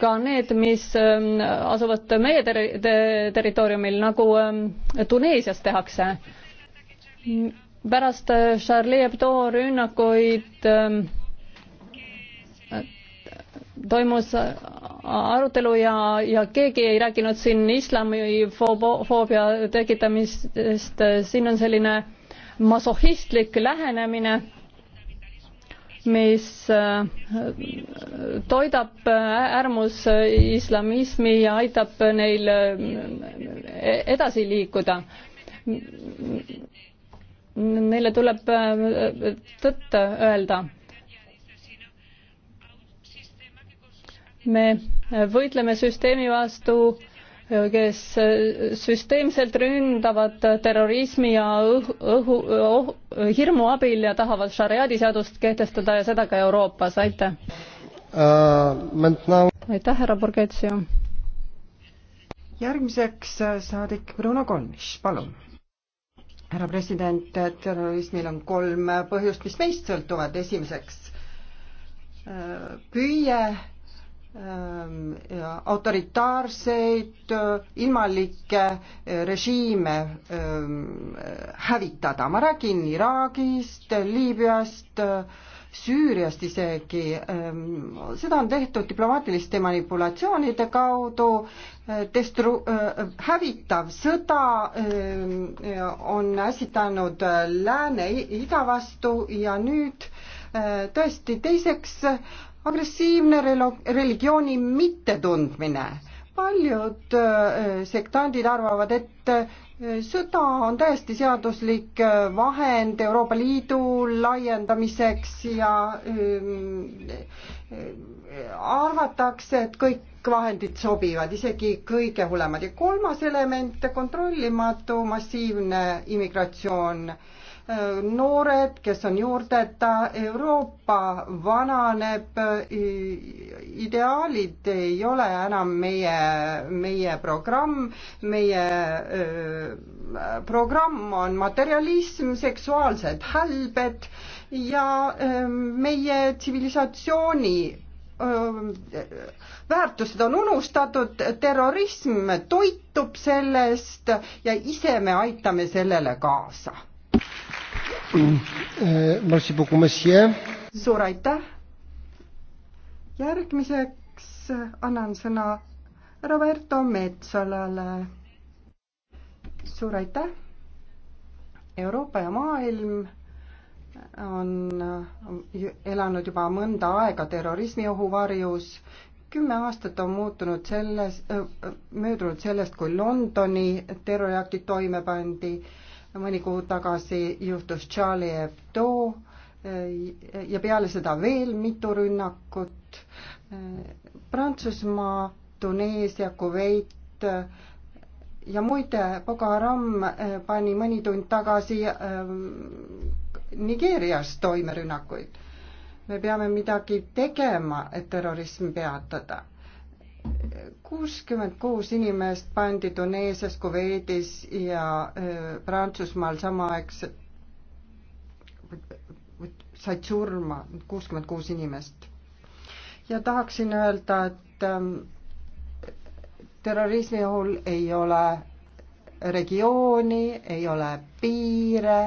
ka need, mis asuvad meie ter-, ter territooriumil, nagu Tuneesias tehakse. pärast Charlie Hebdo rünnakuid toimus arutelu ja, ja keegi ei rääkinud siin islamifoobia tekitamisest, siin on selline masohhistlik lähenemine mis äh, toidab äh, äärmusislamismi äh, ja aitab neil edasi liikuda. Neile tuleb tõtt öelda. me võitleme süsteemi vastu, kes äh, süsteemselt ründavad terrorismi ja õhu oh,, hirmu abil ja tahavad šariaadi seadust kehtestada ja seda ka Euroopas, aitäh uh,! aitäh, härra Borghezio! järgmiseks äh, saadik Bruno Kolnis, palun! härra president, terrorismil on kolm põhjust, mis meist sõltuvad, esimeseks püüe Ähm, autoritaarseid äh, ilmalikke äh, režiime ähm, äh, hävitada. ma räägin Iraagist, Liibüast, Süüriast isegi. Ähm, seda on tehtud diplomaatiliste manipulatsioonide kaudu. Destru-, hävitav sõda on äsitanud lääne ida vastu ja nüüd tõesti teiseks agressiivne religiooni mittetundmine. paljud äh, sektandid arvavad, et äh, sõda on täiesti seaduslik äh, vahend Euroopa Liidu laiendamiseks ja ähm, arvatakse, et kõik vahendid sobivad, isegi kõige hullemad ja kolmas element, kontrollimatu massiivne immigratsioon noored, kes on juurdeta, Euroopa vananeb, ideaalid ei ole enam meie, meie programm, meie programm on materialism, seksuaalsed hälbed ja meie tsivilisatsiooni väärtused on unustatud, terrorism toitub sellest ja ise me aitame sellele kaasa suur aitäh. järgmiseks annan sõna Roberto Metsolale. suur aitäh. Euroopa ja maailm on elanud juba mõnda aega terrorismiohu varjus. kümme aastat on muutunud selles, möödunud sellest, kui Londoni terroriaktid toime pandi mõni kuu tagasi juhtus Charlie Hebdo eh, ja peale seda veel mitu rünnakut. Eh, Prantsusmaa, Tuneesia, Kuveit eh, ja muide, Boko Haram pani mõni tund tagasi Nigeerias toime rünnakuid. me peame midagi tegema, et terrorism peatada kuuskümmend kuus inimest pandi Tuneesias, Kuveidis ja Prantsusmaal samaaegselt said surma, kuuskümmend kuus inimest. ja tahaksin öelda, et ähm, terrorismi ohul ei ole regiooni, ei ole piire,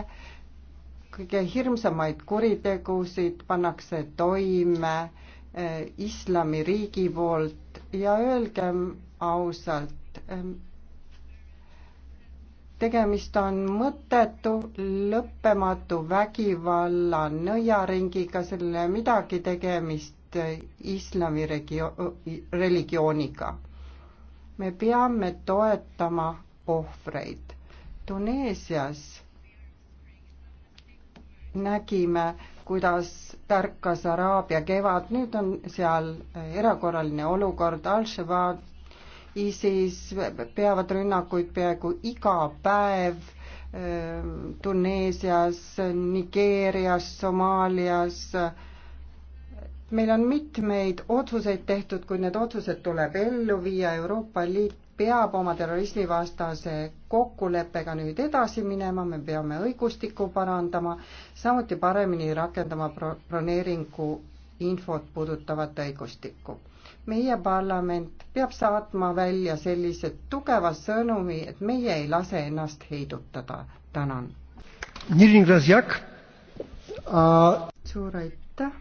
kõige hirmsamaid kuritegusid pannakse toime äh, islamiriigi poolt ja öelgem ausalt, ehm, tegemist on mõttetu, lõppematu vägivalla nõiaringiga, sellel ei ole midagi tegemist islami regio-, religiooniga. me peame toetama ohvreid. Tuneesias nägime kuidas tärkas Araabia kevad, nüüd on seal erakorraline olukord, Al-Shabaab, ISIS peavad rünnakuid peaaegu iga päev äh, Tuneesias, Nigeerias, Somaalias meil on mitmeid otsuseid tehtud, kui need otsused tuleb ellu viia, Euroopa Liit peab oma terrorismivastase kokkuleppega nüüd edasi minema, me peame õigustikku parandama, samuti paremini rakendama broneeringu infot puudutavat õigustikku. meie parlament peab saatma välja sellise tugeva sõnumi, et meie ei lase ennast heidutada. tänan. Äh, suur aitäh. Äh,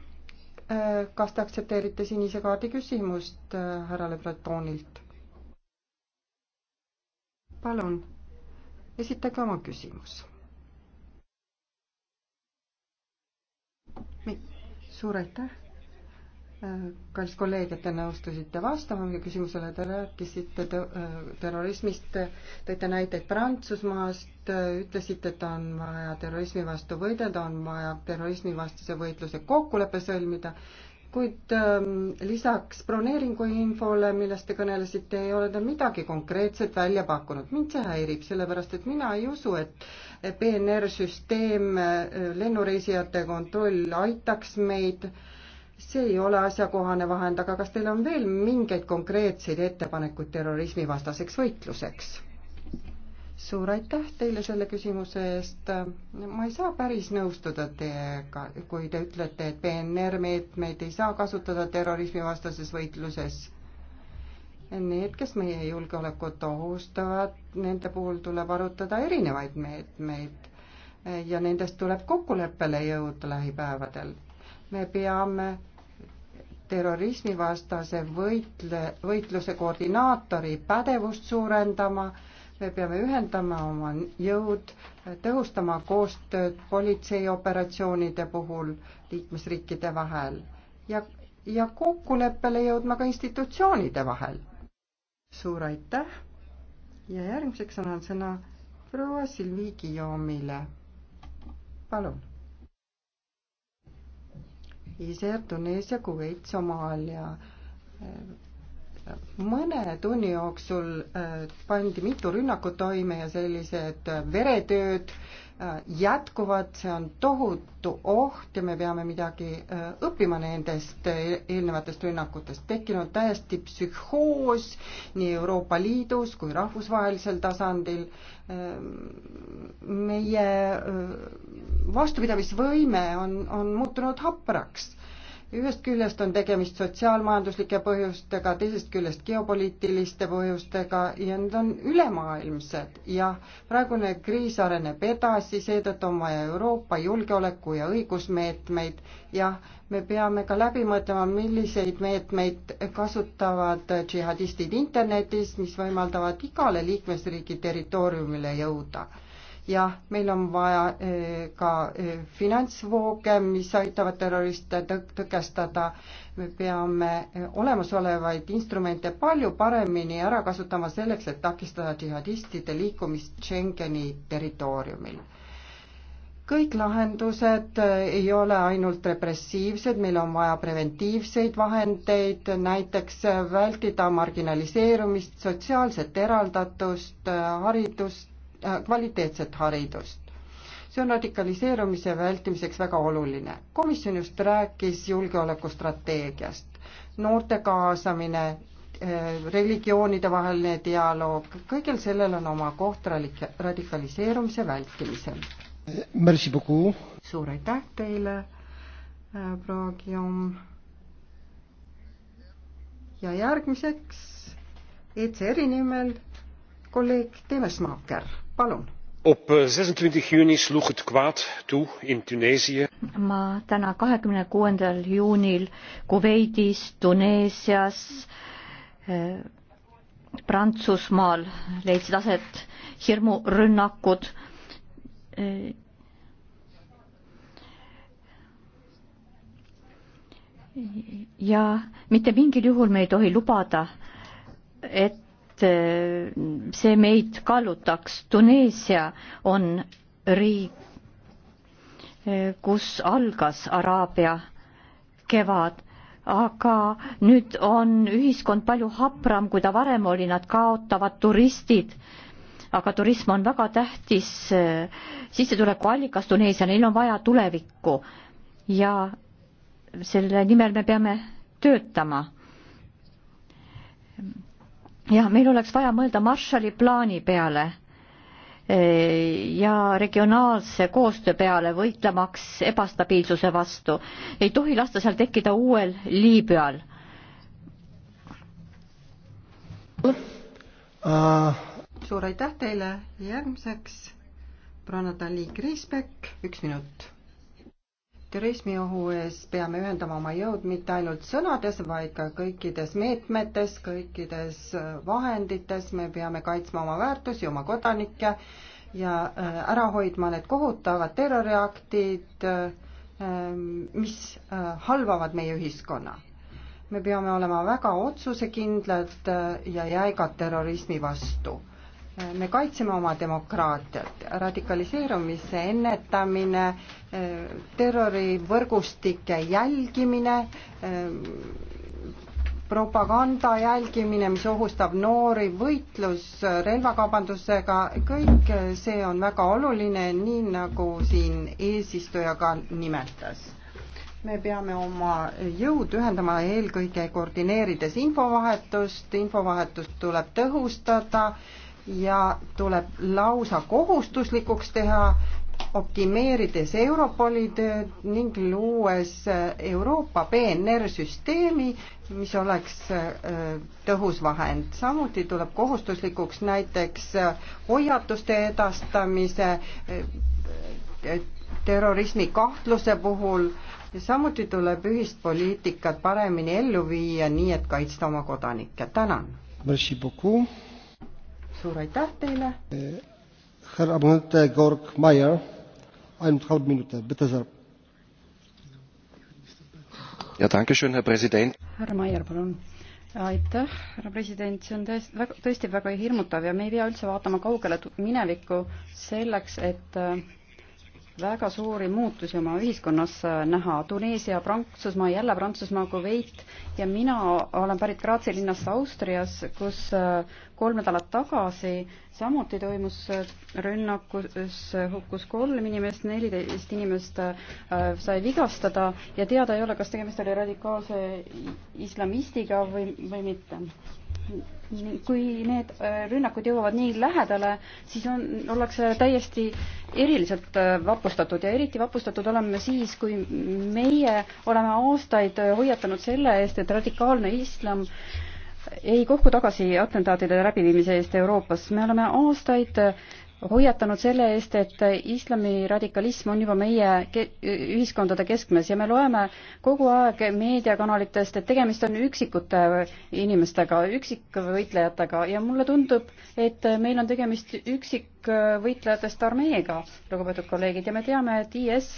kas te aktsepteerite sinise kaardi küsimust äh, härra Le Bretonilt? palun esitage oma küsimus. suur aitäh, äh, kallis kolleeg, et te nõustusite vastama minu küsimusele, te rääkisite äh, terrorismist, tõite näiteid Prantsusmaast, äh, ütlesite, et on vaja terrorismi vastu võidelda, on vaja terrorismivastase võitluse kokkulepe sõlmida kuid ähm, lisaks broneeringu infole, millest te kõnelesite, ei ole ta midagi konkreetset välja pakkunud. mind see häirib, sellepärast et mina ei usu, et PNR-süsteem, äh, lennureisijate kontroll aitaks meid. see ei ole asjakohane vahend, aga kas teil on veel mingeid konkreetseid ettepanekuid terrorismivastaseks võitluseks? suur aitäh teile selle küsimuse eest. ma ei saa päris nõustuda teiega, kui te ütlete, et PNR meetmeid ei saa kasutada terrorismivastases võitluses. Need, kes meie julgeolekut ohustavad, nende puhul tuleb arutada erinevaid meetmeid ja nendest tuleb kokkuleppele jõuda lähipäevadel. me peame terrorismivastase võitle, võitluse koordinaatori pädevust suurendama me peame ühendama oma jõud, tõhustama koostööd politseioperatsioonide puhul liikmesriikide vahel ja, ja kokkuleppele jõudma ka institutsioonide vahel. suur aitäh ja järgmiseks annan sõna proua Silvi Guillaume'ile. palun. Iser, Tuneesia, Kuveit, Somaalia mõne tunni jooksul äh, pandi mitu rünnakut toime ja sellised äh, veretööd äh, jätkuvad, see on tohutu oht ja me peame midagi õppima nendest eelnevatest rünnakutest. tekkinud täiesti psühhoos nii Euroopa Liidus kui rahvusvahelisel tasandil. meie vastupidavusvõime on, on muutunud hapraks ühest küljest on tegemist sotsiaalmajanduslike põhjustega, teisest küljest geopoliitiliste põhjustega ja need on ülemaailmsed ja praegune kriis areneb edasi, seetõttu on vaja Euroopa julgeoleku ja õigusmeetmeid ja me peame ka läbi mõtlema, milliseid meetmeid kasutavad džihadistid internetis, mis võimaldavad igale liikmesriigi territooriumile jõuda jah, meil on vaja eh, ka eh, finantsvooge, mis aitavad terroriste tõkestada. me peame eh, olemasolevaid instrumente palju paremini ära kasutama selleks, et takistada džihadistide liikumist Schengeni territooriumil kõik lahendused ei ole ainult repressiivsed, meil on vaja preventiivseid vahendeid, näiteks vältida marginaliseerumist, sotsiaalset eraldatust, haridust, Äh, kvaliteetset haridust. see on radikaliseerumise vältimiseks väga oluline. komisjon just rääkis julgeolekustrateegiast, noorte kaasamine, äh, religioonide vaheline dialoog, kõigel sellel on oma koht radikaliseerumise vältimisel. suur aitäh teile, äh, proua Guillaume. ja järgmiseks ECR-i nimel kolleeg Teemesmaaker palun. op 26 eh, juuni sloeg het kwaad toe in Tunesië. ma täna, kahekümne kuuendal juunil Kuveidis, Tuneesias eh,, Prantsusmaal leidsid aset hirmurünnakud eh, ja mitte mingil juhul me ei tohi lubada, et et eh, see meid kallutaks. Tuneesia on riik, eh, kus algas Araabia kevad, aga nüüd on ühiskond palju hapram, kui ta varem oli, nad kaotavad turistid aga turism on väga tähtis eh, sissetulekuallikas Tuneesia, neil on vaja tulevikku ja selle nimel me peame töötama jah, meil oleks vaja mõelda Marshalli plaani peale e, ja regionaalse koostöö peale võitlemaks ebastabiilsuse vastu. ei tohi lasta seal tekkida uuel Liibüal. Äh. suur aitäh teile, järgmiseks Pranatali Kriisbeck, üks minut terrorismiohu ees peame ühendama oma jõud mitte ainult sõnades, vaid ka kõikides meetmetes, kõikides äh, vahendites, me peame kaitsma oma väärtusi, oma kodanikke ja äh, ära hoidma need kohutavad terroriaktid, äh, ähm, mis halvavad meie ühiskonna. me peame olema väga otsusekindlad ja jäigad terrorismi vastu me kaitseme oma demokraatiat, radikaliseerumise ennetamine, terrorivõrgustike jälgimine, propaganda jälgimine, mis ohustab noori, võitlus relvakaubandusega, kõik see on väga oluline, nii nagu siin eesistuja ka nimetas. me peame oma jõud ühendama eelkõige koordineerides infovahetust, infovahetust tuleb tõhustada äh,, ja tuleb lausa kohustuslikuks teha, optimeerides Europoli tööd ning luues Euroopa PNR-süsteemi, mis oleks äh, tõhus vahend. samuti tuleb kohustuslikuks näiteks äh, hoiatuste edastamise äh, terrorismi kahtluse puhul ja samuti tuleb ühist poliitikat paremini ellu viia, nii et kaitsta oma kodanikke. tänan. Merci beaucoup suur aitäh teile. härra Monte Georg Maier, ainult halb minut, mitte sõna. ja tänke, härra president. härra Maier, palun aitäh, härra president, see on tõesti väga, tõesti väga hirmutav ja me ei pea üldse vaatama kaugele minevikku selleks, et äh, väga suuri muutusi oma ühiskonnas äh, näha. Tuneesia, Prantsusmaa, jälle Prantsusmaa, Kuveit ja mina olen pärit Graatsi linnast Austrias, kus äh, kolm nädalat tagasi samuti toimus rünnakus, hukkus kolm inimest, neliteist inimest äh, sai vigastada ja teada ei ole, kas tegemist oli radikaalse islamistiga või, või mitte. kui need äh, rünnakud jõuavad nii lähedale, siis on, ollakse täiesti eriliselt äh, vapustatud ja eriti vapustatud oleme siis, kui meie oleme aastaid hoiatanud selle eest, et radikaalne islam äh, ei kohku tagasi atentaatide läbiviimise eest Euroopas. me oleme aastaid hoiatanud selle eest, et islami radikalism on juba meie ke ühiskondade keskmes ja me loeme kogu aeg meediakanalitest, et tegemist on üksikute inimestega, üksikvõitlejatega ja mulle tundub, et meil on tegemist üksikvõitlejatest armeega, lugupeetud kolleegid, ja me teame, et IS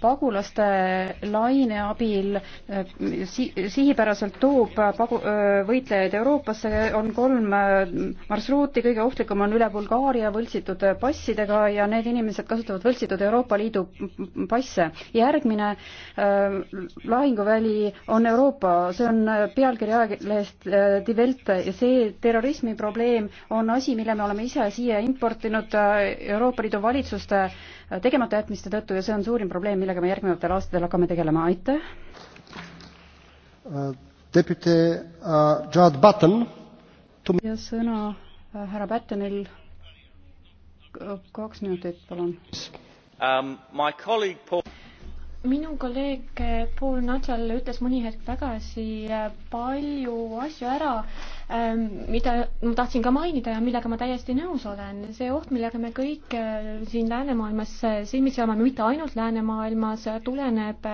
pagulaste laine abil eh, si sihipäraselt toob äh, pagu-, äh, võitlejaid Euroopasse, on kolm äh, marsruuti, kõige ohtlikum on üle Bulgaaria võltsitud passidega ja need inimesed kasutavad võltsitud Euroopa Liidu passe. järgmine äh, lahinguväli on Euroopa, see on pealkiri ajalehest äh, Die Welt ja see terrorismi probleem on asi, mille me oleme ise siia importinud äh, Euroopa Liidu valitsuste äh, tegematajätmiste tõttu ja see on suurim probleem, millega me järgnevatel aastatel hakkame tegelema, aitäh. Uh, Deputy uh, Jaad Batten. ja sõna uh, härra Battenil. kaks minutit, palun um,. Paul... minu kolleeg Paul Nadžal ütles mõni hetk tagasi uh, palju asju ära Ähm, mida ma tahtsin ka mainida ja millega ma täiesti nõus olen. see oht, millega me kõik äh, siin läänemaailmas äh, silmitsi oleme, mitte ainult läänemaailmas, äh, tuleneb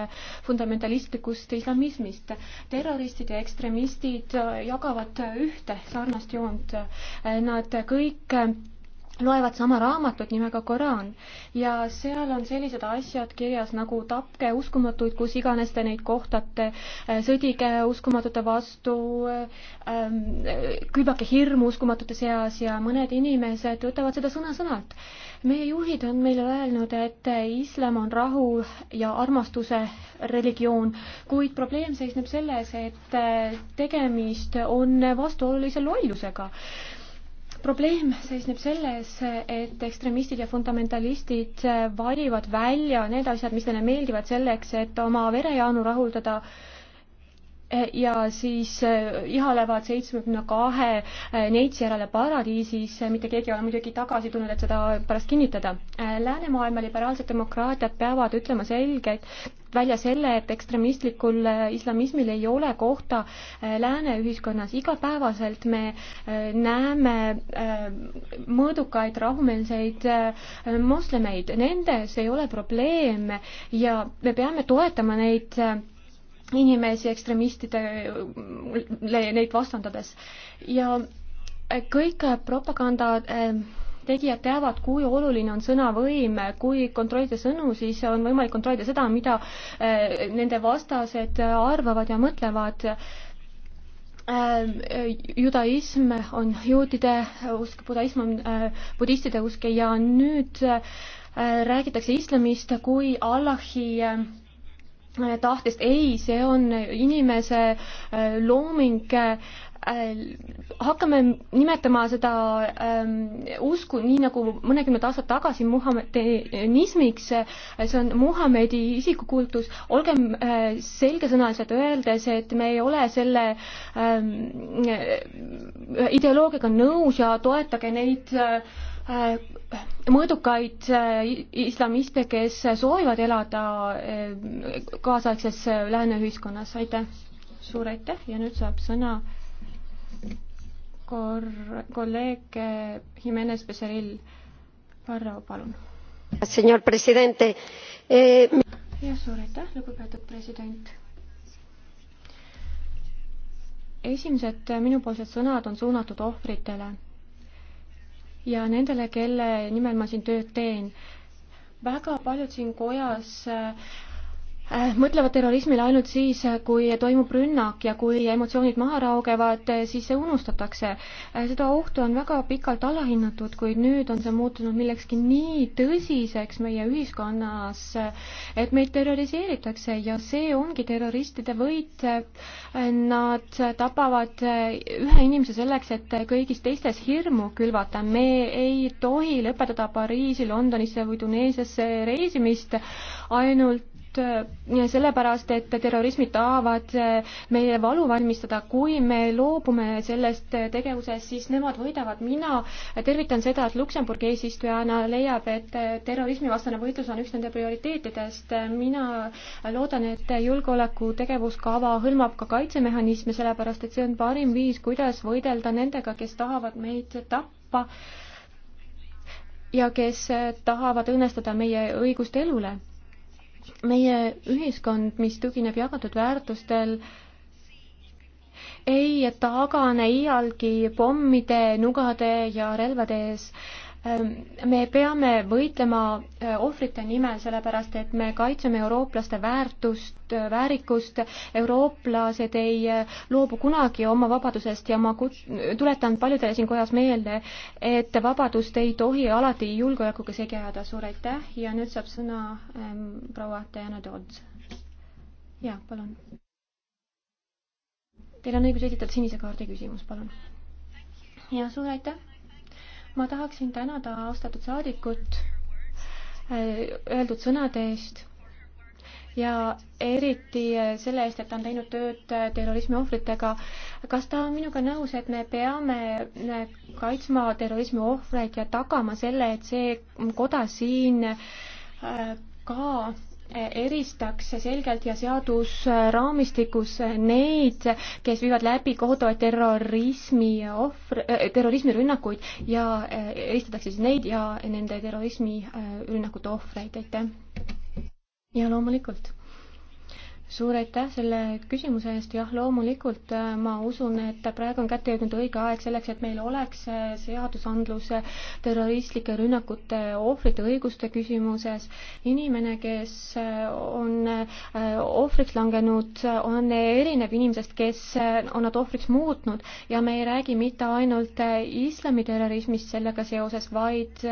fundamentalistlikust islamismist. terroristid ja ekstremistid jagavad ühte sarnast joont. Nad kõik loevad sama raamatut nimega Koraan ja seal on sellised asjad kirjas nagu tapke uskumatuid, kus iganes te neid kohtate, äh, sõdige uskumatute vastu, ähm, külvake hirmu uskumatute seas ja mõned inimesed võtavad seda sõna-sõnalt. meie juhid on meile öelnud, et islam on rahu ja armastuse religioon, kuid probleem seisneb selles, et äh, tegemist on vastuolulise lollusega probleem seisneb selles, et ekstremistid ja fundamentalistid valivad välja need asjad, mis neile meeldivad, selleks, et oma verejaanu rahuldada ja siis eh, ihalevad seitsmekümne kahe eh, neitsi järele paradiisis, mitte keegi ei ole muidugi tagasi tulnud, et seda pärast kinnitada. Eh, läänemaailma liberaalsed demokraatiad peavad ütlema selgelt, välja selle, et ekstremistlikul äh, islamismil ei ole kohta äh, lääne ühiskonnas. igapäevaselt me äh, näeme mõõdukaid rahumeelseid moslemeid, nendes ei ole probleeme ja me peame toetama neid inimesi ekstremistidele neid vastandades ja kõik propaganda äh, tegijad teavad, kui oluline on sõnavõim, kui kontrollida sõnu, siis on võimalik kontrollida seda, mida eh, nende vastased arvavad ja mõtlevad eh, judaism on juutide usk, budaism on eh, budistide usk ja nüüd räägitakse islamist kui Allahi tahtest. ei, see on inimese looming Äh, hakkame nimetama seda ähm, usku nii nagu mõnekümned aastad tagasi muhamedanismiks, äh, see on Muhamedi isikukuultus, olgem äh, selgesõnaliselt öeldes, et me ei ole selle ähm, äh, ideoloogiaga nõus ja toetage neid äh, mõõdukaid äh, islamiste, kes soovivad elada äh, kaasaegses lääne ühiskonnas, aitäh! suur aitäh ja nüüd saab sõna kor-, kolleeg Jimenez Becerril Varro, palun. Senor presidente eh.... jah, suur aitäh, lugupeetud president. esimesed minupoolsed sõnad on suunatud ohvritele ja nendele, kelle nimel ma siin tööd teen. väga paljud siin kojas äh, Äh, mõtlevad terrorismile ainult siis, äh, kui toimub rünnak ja kui emotsioonid maha raugevad, äh, siis see unustatakse. seda ohtu on väga pikalt alahinnatud, kuid nüüd on see muutunud millekski nii tõsiseks meie ühiskonnas, et meid terroriseeritakse ja see ongi terroristide võit. Nad tapavad ühe inimese selleks, et kõigis teistes hirmu külvata. me ei tohi lõpetada Pariisi, Londonisse või Tuneesiasse reisimist ainult just äh, sellepärast, et terrorismid tahavad äh, meile valu valmistada, kui me loobume sellest äh, tegevusest, siis nemad võidavad. mina tervitan seda, et Luksemburgi eesistujana leiab, et terrorismivastane võitlus on üks nende prioriteetidest. mina loodan, et julgeoleku tegevuskava hõlmab ka kaitsemehhanisme, sellepärast et see on parim viis, kuidas võidelda nendega, kes tahavad meid tappa ja kes tahavad õnnestada meie õigust elule meie ühiskond, mis tugineb jagatud väärtustel, ei tagane iialgi pommide, nugade ja relvade ees äh, Ehm, me peame võitlema eh, ohvrite nimel, sellepärast et me kaitseme eurooplaste väärtust, eh, väärikust, eurooplased ei eh, loobu kunagi oma vabadusest ja ma kut-, tuletan paljudele siin kojas meelde, et vabadust ei tohi alati julgeolekuga segi ajada, suur aitäh ja nüüd saab sõna ähm, proua Diana Dodds. jaa, palun. Teil on õigus esitada sinise kaardi küsimus, palun. jaa, suur aitäh ma tahaksin tänada austatud saadikut äh, öeldud sõnade eest ja eriti selle eest, et ta on teinud tööd äh, terrorismi ohvritega. kas ta on minuga nõus, et me peame äh, kaitsma terrorismi ohvreid ja tagama selle, et see koda siin ka eristaks selgelt ja seadusraamistikus neid, kes viivad läbi kohutavaid terrorismi ohvri, äh, terrorismirünnakuid ja äh, eristatakse siis neid ja nende terrorismirünnakute ohvreid, aitäh. ja loomulikult suur aitäh selle küsimuse eest, jah, loomulikult äh, ma usun, et praegu on kätte jõudnud õige aeg selleks, et meil oleks äh, seadusandlus äh, terroristlike rünnakute ohvrite õiguste küsimuses. inimene, kes on ohvriks langenud, on erinev inimesest, kes on nad ohvriks muutnud ja me ei räägi mitte ainult islamiterrorismist sellega seoses, vaid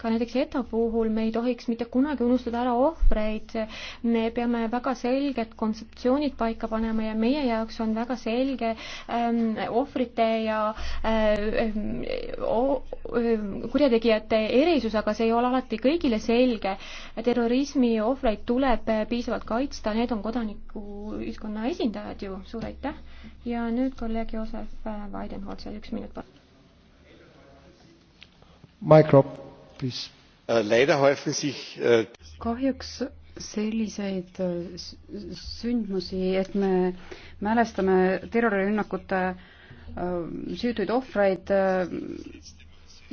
ka näiteks ETA puhul me ei tohiks mitte kunagi unustada ära ohvreid. me peame väga selgelt kontseptsioonid paika panema ja meie jaoks on väga selge ähm, ohvrite ja äh, kurjategijate erisus, aga see ei ole alati kõigile selge. terrorismi ohvreid tuleb äh, piisavalt kaitsta, need on kodanikuühiskonna esindajad ju, suur aitäh. ja nüüd kolleeg Joosep äh, Weidenholzer, üks minut palun. Micro, please. Äh, leider häufen sich kahjuks selliseid äh, sündmusi, et me mälestame terrorirünnakute äh, süütuid ohvreid äh,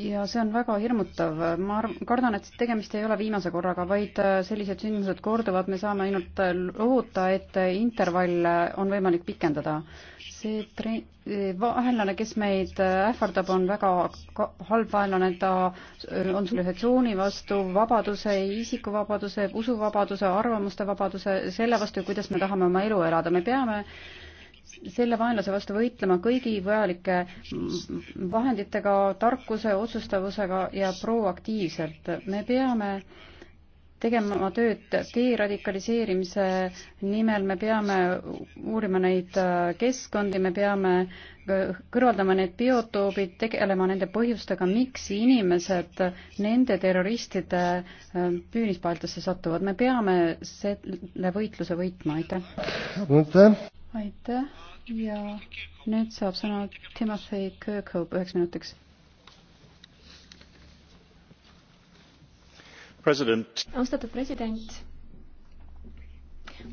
ja see on väga hirmutav. ma arv-, kardan, et tegemist ei ole viimase korraga, vaid äh, sellised sündmused korduvad, me saame ainult äh, loota, et äh, intervalle on võimalik pikendada. see tre-, vaenlane, kes meid ähvardab, on väga halb vaenlane, ta on tsivilisatsiooni vastu, vabaduse, isikuvabaduse, usuvabaduse, arvamuste vabaduse, selle vastu, kuidas me tahame oma elu elada. me peame äh, selle vaenlase vastu võitlema kõigi vajalike vahenditega, tarkuse, otsustavusega ja proaktiivselt. me peame tegema tööd deradikaliseerimise nimel, me peame uurima neid äh, keskkondi, me peame kõrvaldama need biotoobid, tegelema nende põhjustega, miks inimesed nende terroristide äh, püünispaeltesse satuvad. me peame selle võitluse võitma, aitäh! aitäh! aitäh! ja nüüd saab sõna Timothy Kirkhope üheks minutiks. austatud president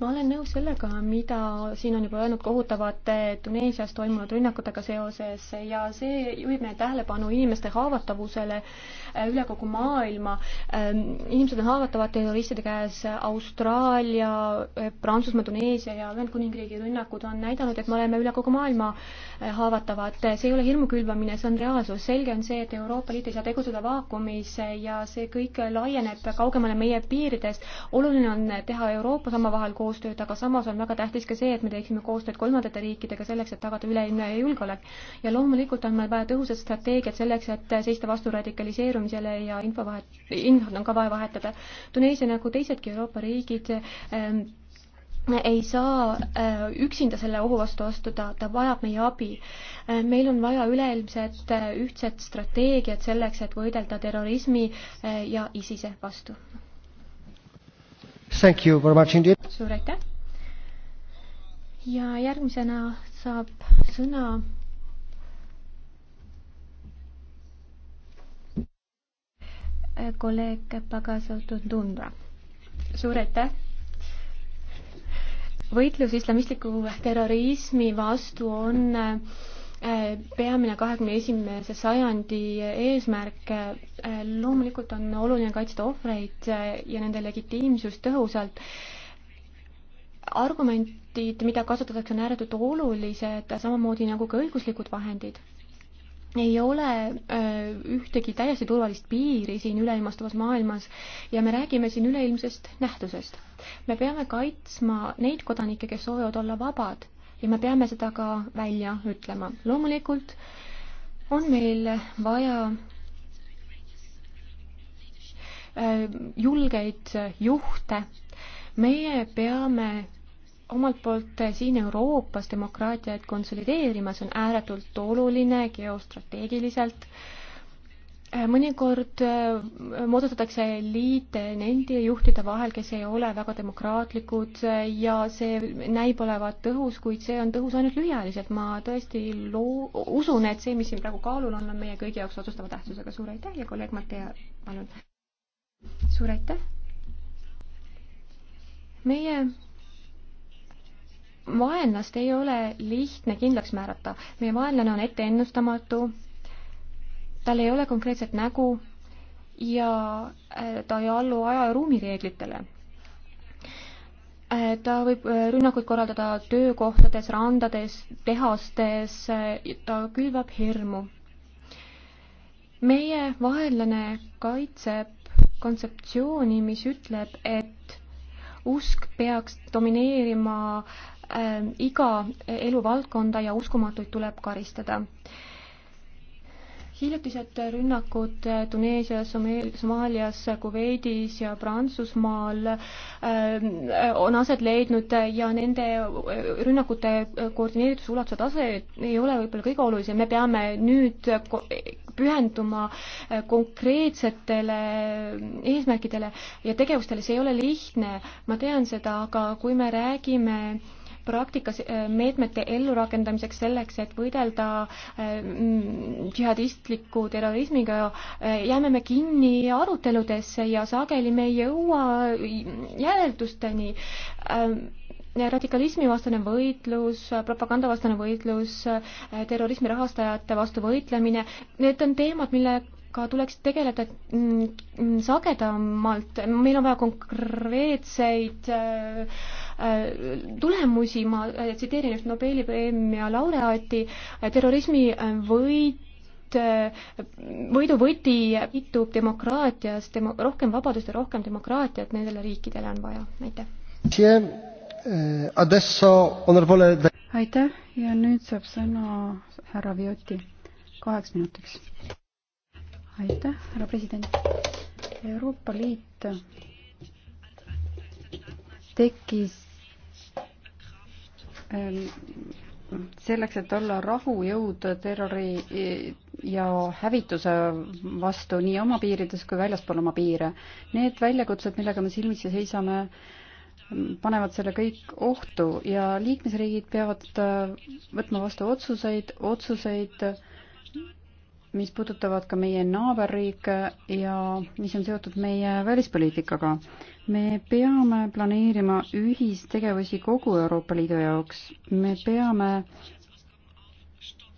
ma olen nõus sellega, mida siin on juba öelnud kohutavate Tuneesias toimunud rünnakutega seoses ja see juhib meie tähelepanu inimeste haavatavusele äh, üle kogu maailma. Ähm, inimesed on haavatavad terroristide käes, Austraalia, äh, Prantsusmaa, Tuneesia ja Ühendkuningriigi rünnakud on näidanud, et me oleme üle kogu maailma äh, haavatavad. see ei ole hirmu külvamine, see on reaalsus. selge on see, et Euroopa Liit ei saa tegutseda vaakumis ja see kõik laieneb kaugemale meie piiridest. oluline on teha Euroopa samal vahel koostööd, aga samas on väga tähtis ka see, et me teeksime koostööd kolmandate riikidega selleks, et tagada üleilmne julgeolek. ja loomulikult on meil vaja tõhusat strateegiat selleks, et seista vastu radikaliseerumisele ja infovahet, infot on ka vaja vahetada. Tuneesia nagu teisedki Euroopa riigid ähm, ei saa äh, üksinda selle ohu vastu astuda, ta vajab meie abi. Äh, meil on vaja üleilmset äh, ühtset strateegiat selleks, et võidelda terrorismi ja ISISe vastu suur aitäh! ja järgmisena saab sõna kolleeg Pagaso Tundundra. suur aitäh! võitlus islamistliku terrorismi vastu on peamine kahekümne esimese sajandi eesmärk. loomulikult on oluline kaitsta ohvreid ja nende legitiimsust tõhusalt. argumentid, mida kasutatakse, on ääretult olulised, samamoodi nagu ka õiguslikud vahendid. ei ole ühtegi täiesti turvalist piiri siin üleilmastuvas maailmas ja me räägime siin üleilmsest nähtusest. me peame kaitsma neid kodanikke, kes soovivad olla vabad ja me peame seda ka välja ütlema. loomulikult on meil vaja äh, julgeid juhte. meie peame omalt poolt siin Euroopas demokraatiaid konsolideerima, see on ääretult oluline geostrateegiliselt äh, mõnikord äh, moodustatakse liite nende juhtide vahel, kes ei ole väga demokraatlikud äh, ja see näib olevat tõhus, kuid see on tõhus ainult lühiajaliselt. ma tõesti loo-, usun, et see, mis siin praegu kaalul on, on meie kõigi jaoks otsustava tähtsusega. suur aitäh ja kolleeg Mattea, palun. suur aitäh. meie vaenlast ei ole lihtne kindlaks määrata. meie vaenlane on etteennustamatu tal ei ole konkreetset nägu ja äh, ta ei allu aja- ja ruumireeglitele. Äh, ta võib äh, rünnakuid korraldada töökohtades, randades, tehastes, ta külvab hirmu. meie vaenlane kaitseb kontseptsiooni, mis ütleb, et usk peaks domineerima äh, iga eluvaldkonda ja uskumatuid tuleb karistada äh, hiljutised rünnakud Tuneesias, Somaalias, Kuveidis ja Prantsusmaal ähm, on aset leidnud ja nende äh, rünnakute koordineeritus ulatuse tase ei ole võib-olla kõige olulisem, me peame nüüd pühenduma äh, konkreetsetele eesmärkidele ja tegevustele, see ei ole lihtne, ma tean seda, aga kui me räägime praktikas äh, meetmete ellurakendamiseks selleks, et võidelda äh, džihadistliku terrorismiga, äh, jääme me kinni aruteludesse ja sageli me ei jõua järeldusteni radikalismivastane võitlus, propagandavastane võitlus, terrorismi rahastajate vastu võitlemine, need on teemad, millega tuleks tegeleda mm, sagedamalt, meil on vaja konkreetseid äh, Äh, tulemusi, ma äh, tsiteerin just Nobeli preemia laureaati, äh, terrorismi võit võidu võti liitub demokraatias demo,, rohkem vabadust ja rohkem demokraatiat nendele riikidele on vaja, aitäh. Eh, aitäh ja nüüd saab sõna härra Vioti kaheks minutiks. aitäh, härra president. Euroopa Liit tekkis selleks, et olla rahujõud terrori ja hävituse vastu nii oma piirides kui väljaspool oma piire. Need väljakutsed, millega me silmitsi seisame, panevad selle kõik ohtu ja liikmesriigid peavad võtma vastu otsuseid, otsuseid, mis puudutavad ka meie naaberriike ja mis on seotud meie välispoliitikaga. me peame planeerima ühistegevusi kogu Euroopa Liidu jaoks, me peame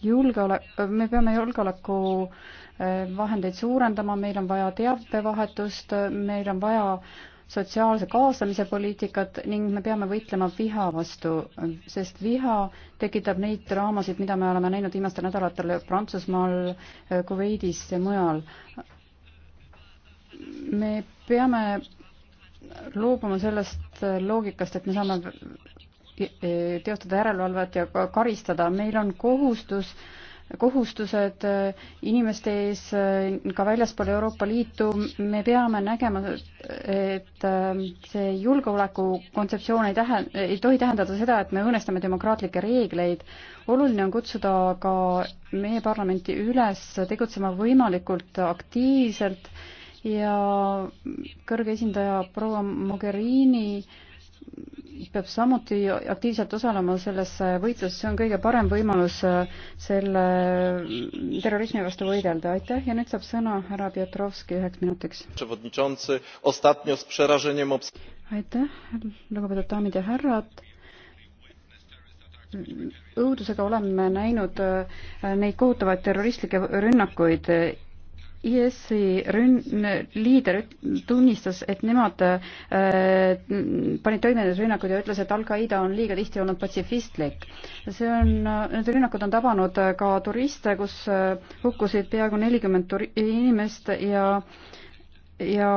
julgeole-, me peame julgeoleku eh, vahendeid suurendama, meil on vaja teabevahetust, meil on vaja sotsiaalse kaasamise poliitikat ning me peame võitlema viha vastu, sest viha tekitab neid draamasid, mida me oleme näinud viimastel nädalatel Prantsusmaal, Kuveidis ja mujal. me peame loobuma sellest loogikast, et me saame e-, e-, teostada järelevalvet ja karistada, meil on kohustus äh, kohustused äh, inimeste ees äh, ka väljaspool Euroopa Liitu, me peame nägema, et äh, see julgeoleku kontseptsioon ei tähe-, ei tohi tähendada seda, et me õõnestame demokraatlikke reegleid. oluline on kutsuda ka meie parlamenti üles tegutsema võimalikult aktiivselt ja kõrge esindaja proua Mogherini äh, peab samuti aktiivselt osalema selles võitluses, see on kõige parem võimalus äh, selle terrorismi vastu võidelda. aitäh ja nüüd saab sõna härra Piotrovski üheks minutiks. aitäh, lugupeetud daamid ja härrad õudusega oleme näinud äh, neid kohutavaid terroristlikke rünnakuid IS-i e rünn-, liider tunnistas, et nemad äh, panid toime need rünnakud ja ütles, et Al-Qaeda on liiga tihti olnud patsifistlik. see on, need rünnakud on tabanud ka turiste, kus äh, hukkusid peaaegu nelikümmend turi-, inimest ja ja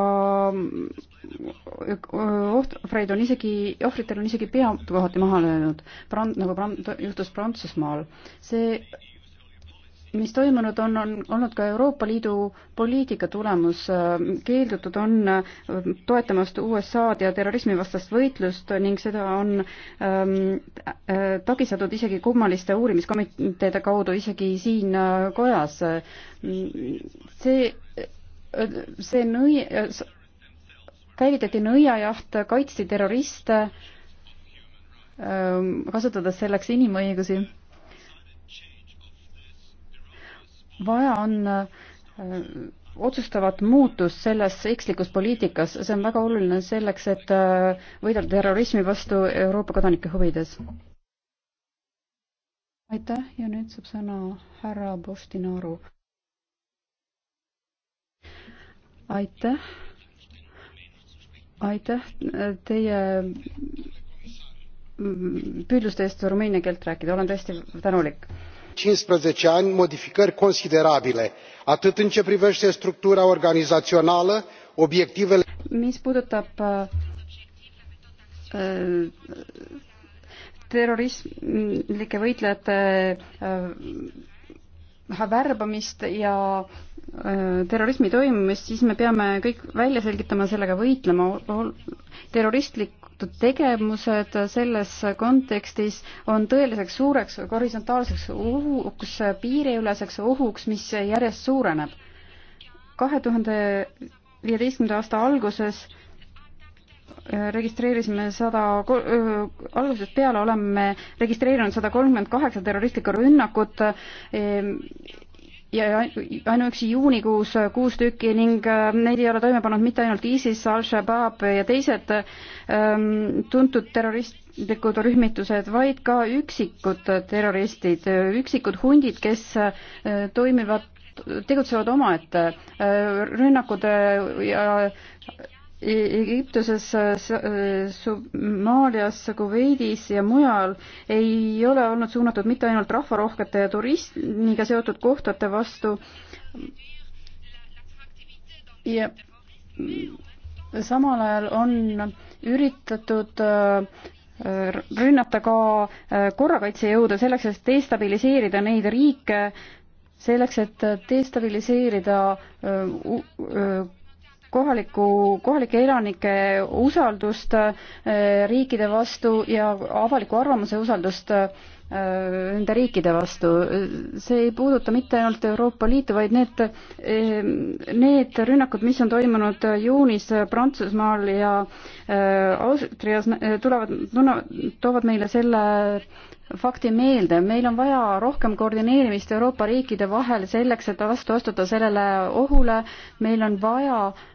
ohvreid on isegi, ohvritel on isegi pea kohati maha löönud, brand, nagu brand, juhtus Prantsusmaal. see mis toimunud on, on olnud ka Euroopa Liidu poliitika tulemus. keeldutud on äh, toetamast USA-d ja terrorismivastast võitlust ning seda on ähm, äh, takistatud isegi kummaliste uurimiskomiteede kaudu, isegi siin äh, kojas. see, see nõi-, käivitati nõiajaht, kaitsti terroriste ähm,, kasutades selleks inimõigusi vaja on äh, otsustavat muutust selles ekslikus poliitikas, see on väga oluline selleks, et äh, võidelda terrorismi vastu Euroopa kodanike huvides. aitäh ja nüüd saab sõna härra Postinaru. aitäh, aitäh äh, teie mm, püüdluste eest rumeenia keelt rääkida, olen tõesti tänulik cincisprezece ani modificări considerabile atât în ce privește structura organizațională obiectivele. mis puudutab terroristlike võitlejate värbamist ja terrorismi toimumist, siis me peame kõik välja selgitama, sellega võitlema. terroristlik seotud tegevused selles kontekstis on tõeliseks suureks horisontaalseks ohuks, piiriüleseks ohuks, mis järjest suureneb. kahe tuhande viieteistkümnenda aasta alguses registreerisime sada, algusest peale oleme registreerinud sada kolmkümmend kaheksa terroristlikku rünnakut ja ainuüksi juunikuus kuus tükki ning äh, neid ei ole toime pannud mitte ainult ISIS, Al-Shabaab ja teised ähm, tuntud terroristlikud rühmitused, vaid ka üksikud terroristid, üksikud hundid, kes äh, toimivad, tegutsevad omaette. Äh, rünnakud ja E-, Egiptuses, e-, Somaalias, Kuveidis ja mujal ei ole olnud suunatud mitte ainult rahvarohkete ja turismiga seotud kohtade vastu ja samal ajal on üritatud e, rünnata ka korrakaitsejõude selleks, et destabiliseerida neid riike, selleks, et destabiliseerida kohaliku, kohalike elanike usaldust äh, riikide vastu ja avaliku arvamuse usaldust äh, nende riikide vastu. see ei puuduta mitte ainult Euroopa Liitu, vaid need, äh, need rünnakud, mis on toimunud juunis Prantsusmaal ja Austrias, tulevad, toovad meile selle fakti meelde, meil on vaja rohkem koordineerimist Euroopa riikide vahel selleks, et vastu astuda sellele ohule, meil on vaja äh,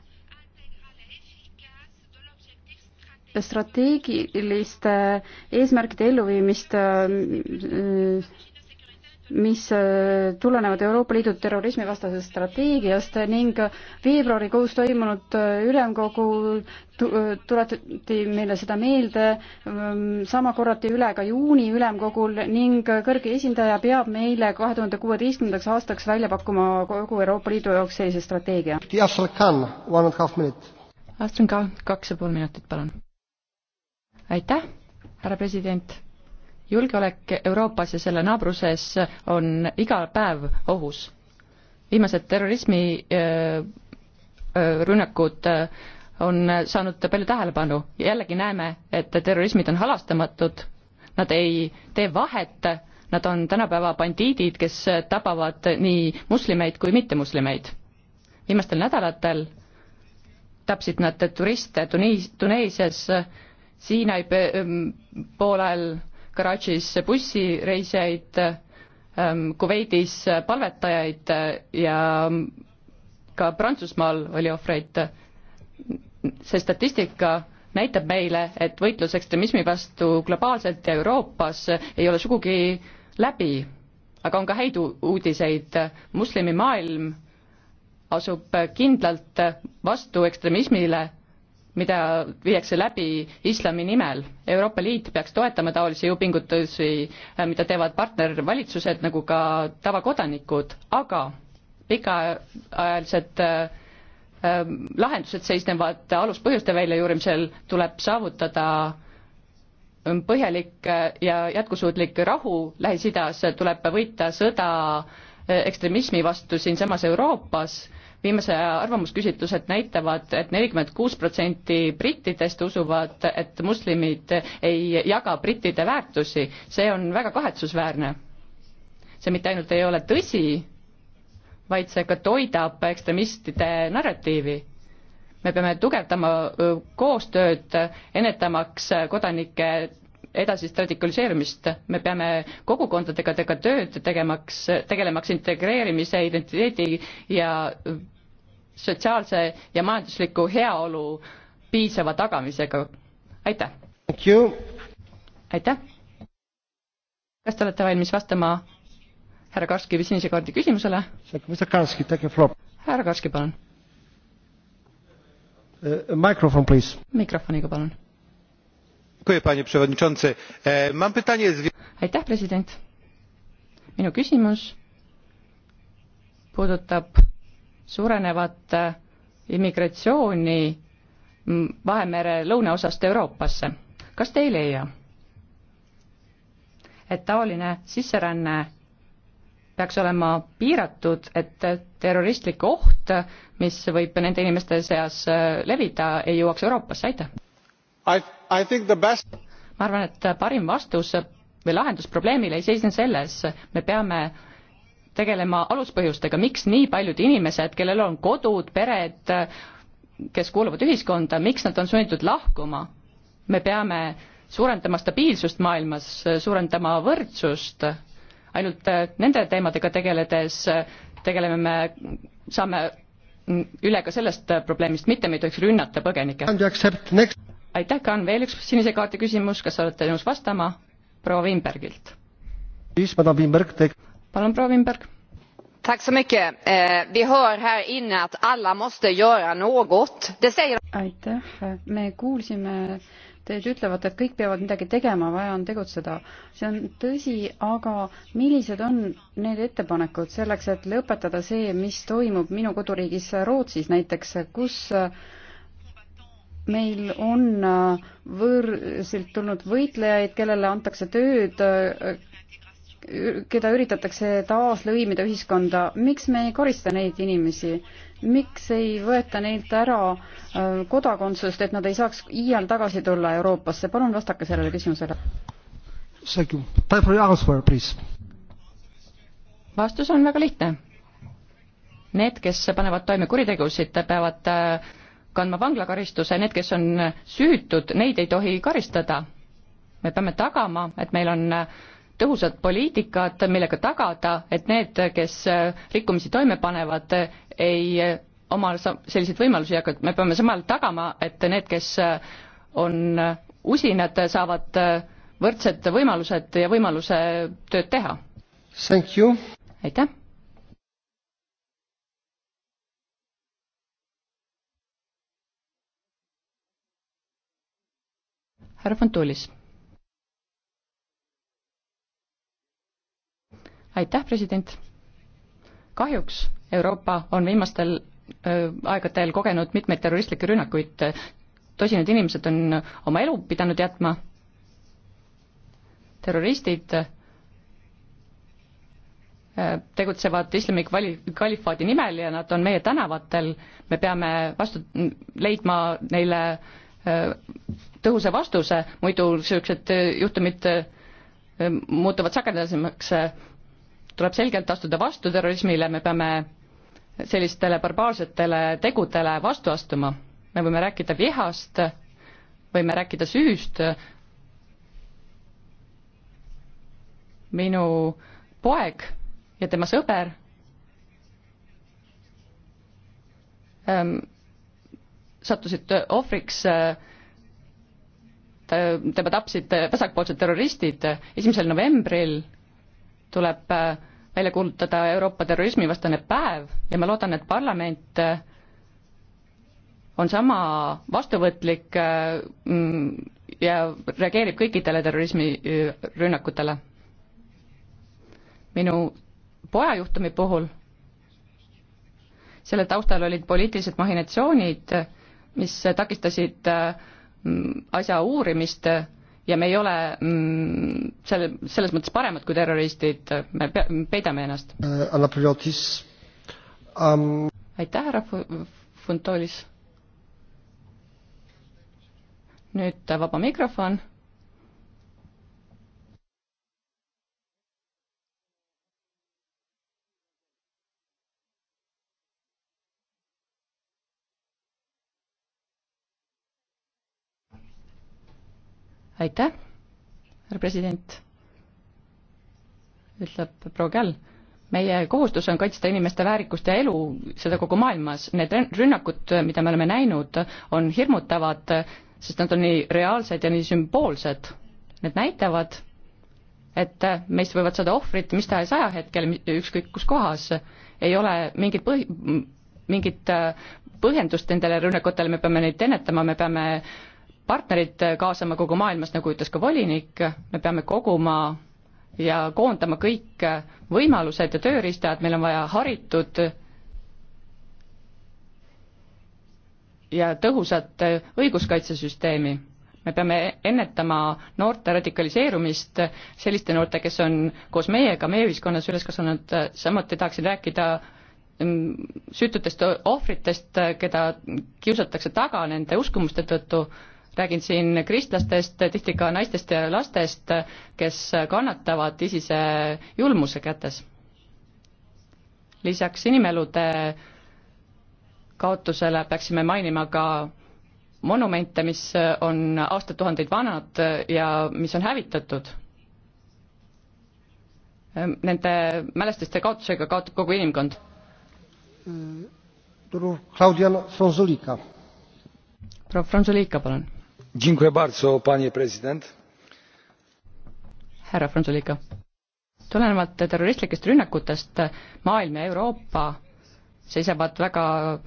strateegiliste eesmärkide elluviimist, mis tulenevad Euroopa Liidu terrorismivastasest strateegiast ning veebruarikuus toimunud ülemkogul tuletati meile seda meelde, sama korrati üle ka juuni ülemkogul ning kõrge esindaja peab meile kahe tuhande kuueteistkümnendaks aastaks välja pakkuma kogu Euroopa Liidu jaoks sellise strateegia. Astrid Kahn, kaks ja pool minutit, palun aitäh, härra president. julgeolek Euroopas ja selle naabruses on iga päev ohus. viimased terrorismi rünnakud on saanud palju tähelepanu ja jällegi näeme, et terrorismid on halastamatud, nad ei tee vahet, nad on tänapäeva bandiidid, kes tapavad nii moslemeid kui mittemuslimeid. viimastel nädalatel tapsid nad turiste Tuniis, Tuneesias Siinai ähm, poolel Karachis bussireisijaid, ähm, Kuveidis palvetajaid äh, ja ähm, ka Prantsusmaal oli ohvreid. see statistika näitab meile, et võitlus ekstremismi vastu globaalselt ja Euroopas ei ole sugugi läbi, aga on ka häid uudiseid, muslimimaailm asub kindlalt vastu ekstremismile mida viiakse läbi islami nimel. Euroopa Liit peaks toetama taolisi jõupingutusi, äh, mida teevad partnervalitsused nagu ka tavakodanikud, aga pikaajalised äh, äh, lahendused seisnevad aluspõhjuste väljajuurimisel, tuleb saavutada ähm, põhjalik ja jätkusuutlik rahu Lähis-Idas, tuleb võita sõda ekstremismi vastu siinsamas Euroopas viimase aja arvamusküsitlused näitavad et, et nelikümmend kuus protsenti brittidest usuvad, et moslemid ei jaga brittide väärtusi. see on väga kahetsusväärne. see mitte ainult ei ole tõsi, vaid see ka toidab ekstremistide narratiivi. me peame tugevdama koostööd, ennetamaks kodanike edasist radikaliseerumist, me peame kogukondadega tega tööd tegemaks, tegelemaks integreerimise, identiteedi ja sotsiaalse ja majandusliku heaolu piisava tagamisega. aitäh! aitäh! kas te olete valmis vastama härra Karski sinise kaardi küsimusele? härra Karski, palun. Uh, Mikrofon, please. Mikrofoniga, palun. E, aitäh, president. minu küsimus puudutab suurenevat äh, immigratsiooni Vahemere lõunaosast Euroopasse. kas te ei leia, et taoline sisseränne peaks olema piiratud, et terroristlik oht, mis võib nende inimeste seas äh, levida, ei jõuaks Euroopasse, aitäh! ma arvan, et parim vastus või lahendus probleemile ei seisne selles, me peame tegelema aluspõhjustega, miks nii paljud inimesed, kellel on kodud, pered, kes kuuluvad ühiskonda, miks nad on sunnitud lahkuma? me peame suurendama stabiilsust maailmas, suurendama võrdsust, ainult nende teemadega tegeledes tegeleme me, saame üle ka sellest probleemist, mitte me ei tohiks rünnata põgenikke. aitäh, Kaan, veel üks sinise kaardi küsimus, kas olete nõus vastama proua Wimbergilt? palun, proua Wimberg. Eh, aitäh, me kuulsime teid ütlevat, et kõik peavad midagi tegema, vaja on tegutseda. see on tõsi, aga millised on need ettepanekud selleks, et lõpetada see, mis toimub minu koduriigis Rootsis näiteks, kus meil on võõrsilt tulnud võitlejaid, kellele antakse tööd, keda üritatakse taaslõimida ühiskonda, miks me ei karista neid inimesi? miks ei võeta neilt ära äh, kodakondsust, et nad ei saaks iial tagasi tulla Euroopasse? palun vastake sellele küsimusele. vastus on väga lihtne. Need, kes panevad toime kuritegusid, peavad äh, kandma vanglakaristuse, need, kes on süütud, neid ei tohi karistada. me peame tagama, et meil on äh, tõhusat poliitikat, millega tagada, et need, kes äh, rikkumisi toime panevad, ei äh, oma selliseid võimalusi, aga me peame samal tagama, et need, kes äh, on usinad, saavad võrdsed võimalused ja võimaluse tööd teha. aitäh! härra Fontulis aitäh, president! kahjuks Euroopa on viimastel aegadel kogenud mitmeid terroristlikke rünnakuid, tosinad inimesed on oma elu pidanud jätma, terroristid tegutsevad islami kvali-, kalifaadi nimel ja nad on meie tänavatel, me peame vastu, leidma neile tõhusa vastuse, muidu niisugused juhtumid muutuvad sagedasemaks tuleb selgelt astuda vastu terrorismile, me peame sellistele barbaarsetele tegudele vastu astuma. me võime rääkida vihast, võime rääkida süüst. minu poeg ja tema sõber ähm, sattusid ohvriks äh, tema tapsid äh, vasakpoolsed terroristid esimesel novembril tuleb äh, välja kuulutada Euroopa terrorismivastane päev ja ma loodan, et parlament äh, on sama vastuvõtlik äh, mm, ja reageerib kõikidele terrorismirünnakutele. minu poja juhtumi puhul selle taustal olid poliitilised mahinatsioonid, mis takistasid mm, asja uurimist ja me ei ole mm, selle, selles mõttes paremad kui terroristid, me pe-, peidame ennast äh,. Um... aitäh, härra Funtolis. nüüd vaba mikrofon aitäh, härra president, ütleb proua Käll. meie kohustus on kaitsta inimeste väärikust ja elu, seda kogu maailmas. Need rünnakud, mida me oleme näinud, on hirmutavad, sest nad on nii reaalsed ja nii sümboolsed. Need näitavad, et meist võivad saada ohvrid mis tahes ajahetkel, ükskõik kus kohas. ei ole mingit põhi, mingit põhjendust nendele rünnakutele, me peame neid ennetama, me peame äh, partnerid kaasama kogu maailmast, nagu ütles ka volinik, me peame koguma ja koondama kõik võimalused ja tööriistad, meil on vaja haritud ja tõhusat õiguskaitsesüsteemi. me peame ennetama noorte radikaliseerumist, selliste noorte, kes on koos meiega meie ühiskonnas üles kasvanud, samuti tahaksin rääkida mm, süütutest ohvritest, keda kiusatakse taga nende uskumuste tõttu räägin siin kristlastest, tihti ka naistest ja lastest, kes kannatavad ISISe julmuse kätes. lisaks inimelude kaotusele peaksime mainima ka monumente, mis on aastatuhandeid vanad ja mis on hävitatud. Nende mälestiste kaotusega kaotab kogu inimkond. proua Claudia Fronsulica. proua Fronsulica, palun härra Frunzuliga. tulenevalt terroristlikest rünnakutest maailm ja Euroopa seisavad väga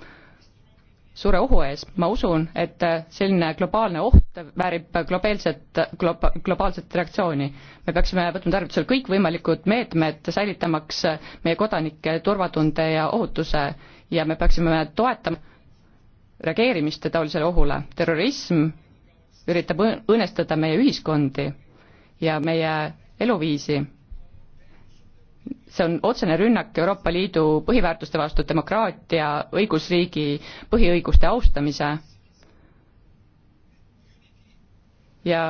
suure ohu ees. ma usun, et selline globaalne oht väärib globaalset globa,, globaalset reaktsiooni. me peaksime võtma tarvitusele kõikvõimalikud meetmed, säilitamaks meie kodanike turvatunde ja ohutuse ja me peaksime toetama reageerimist taolisele ohule. terrorism üritab õõnestada meie ühiskondi ja meie eluviisi. see on otsene rünnak Euroopa Liidu põhiväärtuste vastu, demokraatia, õigusriigi põhiõiguste austamise ja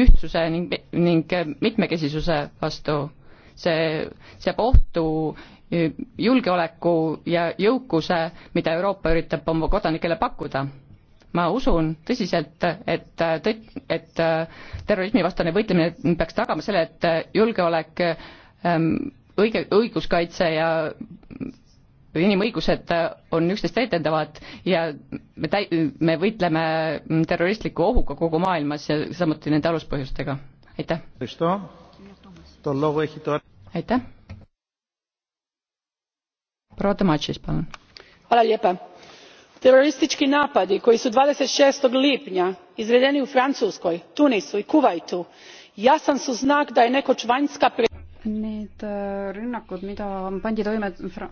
ühtsuse ning, ning mitmekesisuse vastu. see seab ohtu julgeoleku ja jõukuse, mida Euroopa üritab oma kodanikele pakkuda ma usun tõsiselt, et tõtt-, et äh, terrorismivastane võitlemine peaks tagama selle, et äh, julgeolek, ähm, õige, õiguskaitse ja inimõigused äh, on üksteist täidendavad ja me täi-, me võitleme mm, terroristliku ohuga kogu maailmas ja samuti nende aluspõhjustega. aitäh! aitäh! proua Tomatšis, palun! teroristiki napadi koji su. twenty six lipnja izvedeni u francuskoj tunisu i kuvajtu jasan su znak da je nekoć vanjska Need äh, rünnakud, mida pandi toime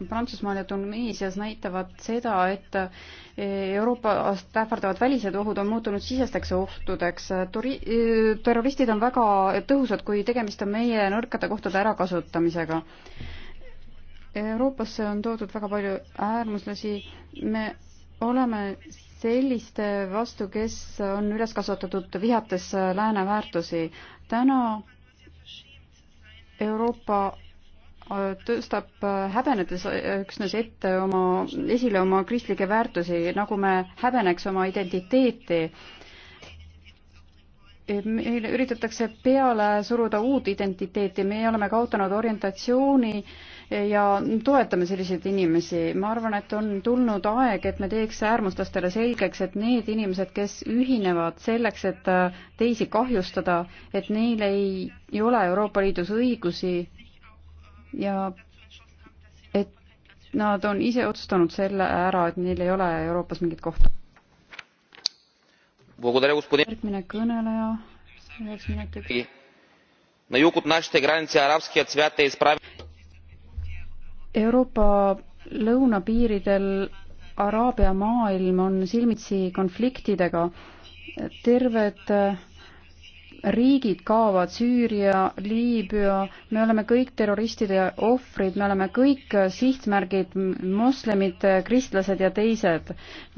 Prantsusmaal ja Tuneesias, näitavad seda, et äh, Euroopast ähvardavad välised ohud on muutunud sisesteks ohtudeks. Turi-, äh, terroristid on väga tõhusad, kui tegemist on meie nõrkade kohtade ärakasutamisega. Euroopasse on toodud väga palju äärmuslasi, me oleme selliste vastu, kes on üles kasvatatud vihates lääne väärtusi. täna Euroopa äh, tõstab äh, häbenedes äh, üksnes ette oma, esile oma kristlikke väärtusi, nagu me häbeneks oma identiteeti. E, meile üritatakse peale suruda uut identiteeti, meie oleme kaotanud orientatsiooni äh, ja toetame selliseid inimesi. ma arvan, et on tulnud aeg, et me teeks äärmuslastele selgeks, et need inimesed, kes ühinevad selleks, et äh, teisi kahjustada, et neil ei, ei ole Euroopa Liidus õigusi ja et nad on ise otsustanud selle ära, et neil ei ole Euroopas mingit kohta. järgmine kõneleja, üheks minutiks. На юг от нашите граници арабският свят е изправен Euroopa lõunapiiridel Araabia maailm on silmitsi konfliktidega. terved äh, riigid kaovad, Süüria, Liibüa, me oleme kõik terroristide ohvrid, me oleme kõik äh, sihtmärgid, moslemid, äh, kristlased ja teised.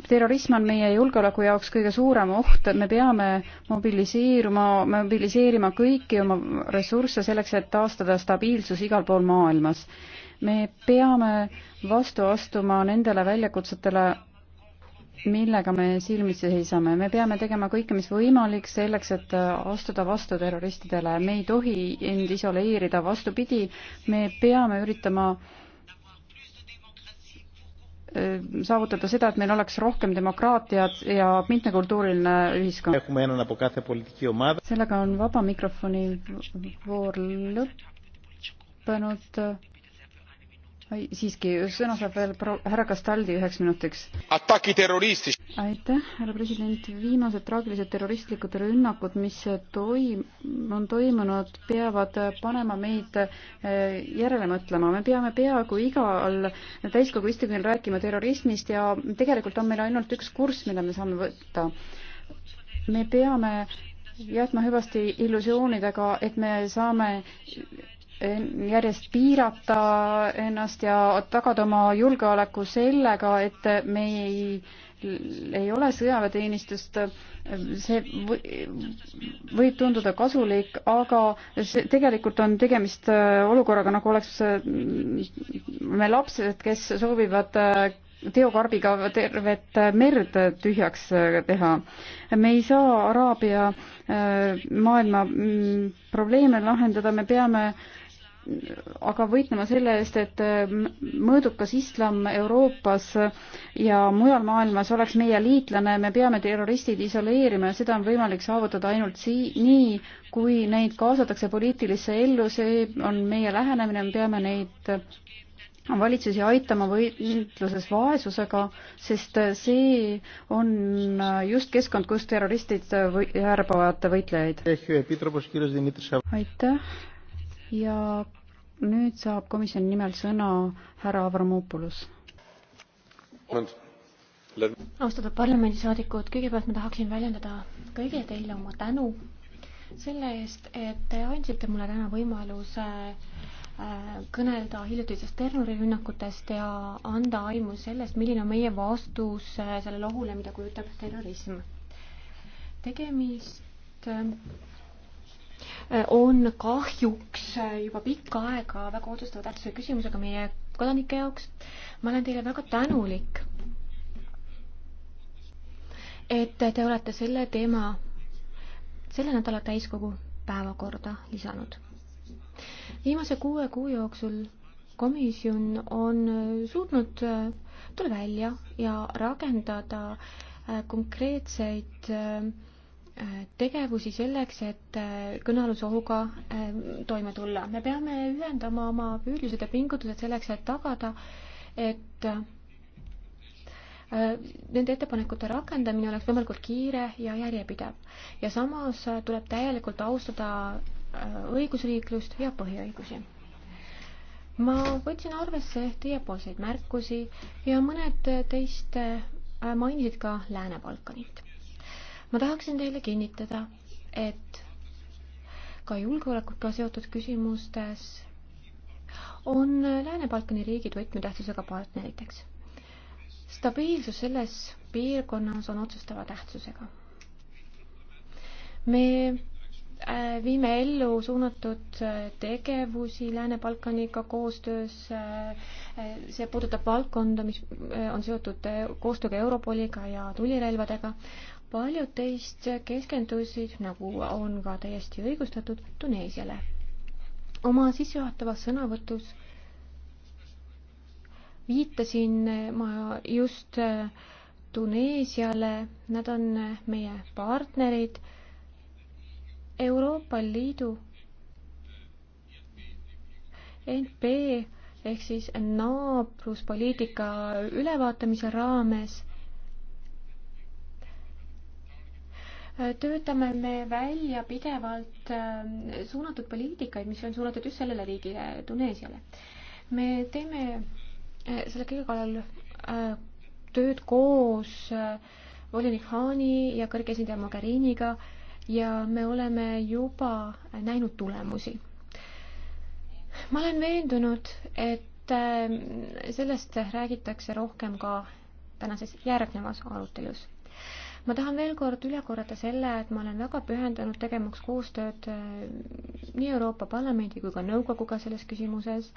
terrorism on meie julgeoleku jaoks kõige suurem oht, me peame mobiliseeruma, mobiliseerima kõiki oma ressursse selleks, et taastada stabiilsus igal pool maailmas me peame vastu astuma nendele väljakutsetele, millega me silmitsi seisame. me peame tegema kõike, mis võimalik selleks, et astuda vastu terroristidele. me ei tohi end isoleerida, vastupidi, me peame üritama äh, saavutada seda, et meil oleks rohkem demokraatiat ja mitmekultuuriline ühiskond. sellega on vaba mikrofoni voor lõppenud siiski, sõna saab veel härra Castaldi üheks minutiks. aitäh, härra president, viimased traagilised terroristlikud rünnakud, mis toim-, on toimunud, peavad panema meid eh, järele mõtlema. me peame peaaegu igal täiskogu istungil rääkima terrorismist ja tegelikult on meil ainult üks kurss, mida me saame võtta. me peame jätma hüvasti illusioonidega, et me saame järjest piirata ennast ja tagada oma julgeoleku sellega, et me ei, ei ole sõjaväeteenistust, see võib tunduda kasulik, aga see, tegelikult on tegemist äh, olukorraga, nagu oleks äh, me lapsed, kes soovivad äh, teokarbiga tervet merd tühjaks teha. me ei saa Araabia maailma mm, probleeme lahendada, me peame äh, aga võitlema selle eest, et äh, mõõdukas islam Euroopas ja mujal maailmas oleks meie liitlane, me peame terroristid isoleerima ja seda on võimalik saavutada ainult sii-, nii, kui neid kaasatakse poliitilisse ellu, see on meie lähenemine, me peame neid äh, valitsusi aitama võitluses vaesusega, sest äh, see on just keskkond, kus terroristid värbavad võitlejaid. aitäh ja nüüd saab komisjoni nimel sõna härra Avramopoulos. austatud parlamendisaadikud, kõigepealt ma tahaksin väljendada kõigile teile oma tänu selle eest, et te andsite mulle täna võimaluse äh, kõnelda hiljutistest terrorirünnakutest ja anda aimu sellest, milline on meie vastus äh, sellele ohule, mida kujutab terrorism. tegemist äh, on kahjuks juba pikka aega väga otsustava tähtsuse küsimusega meie kodanike jaoks. ma olen teile väga tänulik, et te olete selle teema selle nädala täiskogu päevakorda lisanud. viimase kuue kuu jooksul komisjon on suutnud tulla välja ja rakendada konkreetseid äh, tegevusi selleks, et äh, kõnealuse ohuga äh, toime tulla. me peame ühendama oma püüdlused ja pingutused selleks, et tagada, et äh, nende ettepanekute rakendamine oleks võimalikult kiire ja järjepidev. ja samas tuleb täielikult austada õigusriiklust ja põhiõigusi. ma võtsin arvesse teiepoolseid märkusi ja mõned teist mainisid ka Lääne-Balkanit ma tahaksin teile kinnitada, et ka julgeolekuga seotud küsimustes on Lääne-Balkani riigid võtmetähtsusega partneriteks. stabiilsus selles piirkonnas on otsustava tähtsusega. me äh, viime ellu suunatud äh, tegevusi Lääne-Balkaniga koostöös. Äh, see puudutab valdkonda, mis on seotud koostööga Europoliga ja tulirelvadega, paljud teist keskendusid, nagu on ka täiesti õigustatud, Tuneesiale. oma sissejuhatavas sõnavõtus viitasin ma just Tuneesiale, nad on meie partnerid Euroopa Liidu NP ehk siis naabruspoliitika ülevaatamise raames töötame me välja pidevalt äh, suunatud poliitikaid, mis on suunatud just sellele riigile, Tuneesiale. me teeme äh, selle kõige kallal äh, tööd koos volinik Haani ja kõrge esindaja Mogheriniga ja me oleme juba näinud tulemusi. ma olen veendunud, et sellest räägitakse rohkem ka tänases järgnevas arutelus ma tahan veel kord üle korrata selle, et ma olen väga pühendunud tegemaks koostööd äh, nii Euroopa Parlamendi kui ka nõukoguga selles küsimuses.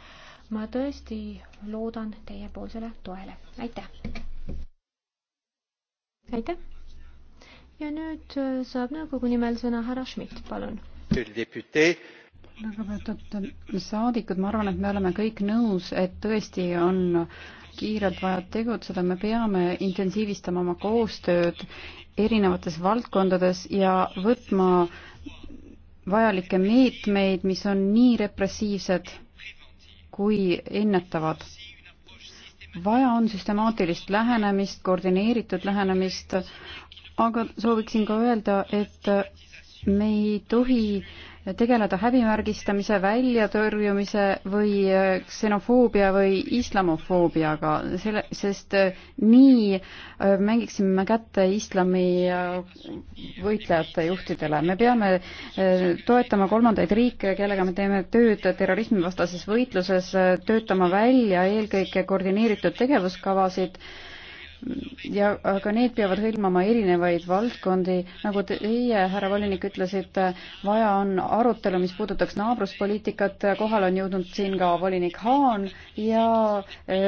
ma tõesti loodan teiepoolsele toele, aitäh! aitäh! ja nüüd äh, saab nõukogu nimel sõna härra Schmidt, palun. lugupeetud saadikud, ma arvan, et me oleme kõik nõus, et tõesti on äh, kiirelt vaja tegutseda, me peame intensiivistama oma koostööd erinevates valdkondades ja võtma vajalikke meetmeid, mis on nii repressiivsed kui ennetavad. vaja on süstemaatilist lähenemist, koordineeritud lähenemist, aga sooviksin ka öelda, et me ei tohi äh, tegeleda häbimärgistamise, väljatõrjumise või äh, ksenofoobia või islamofoobiaga, selle, sest äh, nii äh, mängiksime kätte islami võitlejate juhtidele. me peame toetama kolmandaid riike, kellega me teeme tööd terrorismivastases võitluses, töötama välja eelkõige koordineeritud tegevuskavasid ja ka need peavad hõlmama erinevaid valdkondi, nagu teie, härra volinik, ütlesite, vaja on arutelu, mis puudutaks naabruspoliitikat, kohale on jõudnud siin ka volinik Haan ja e,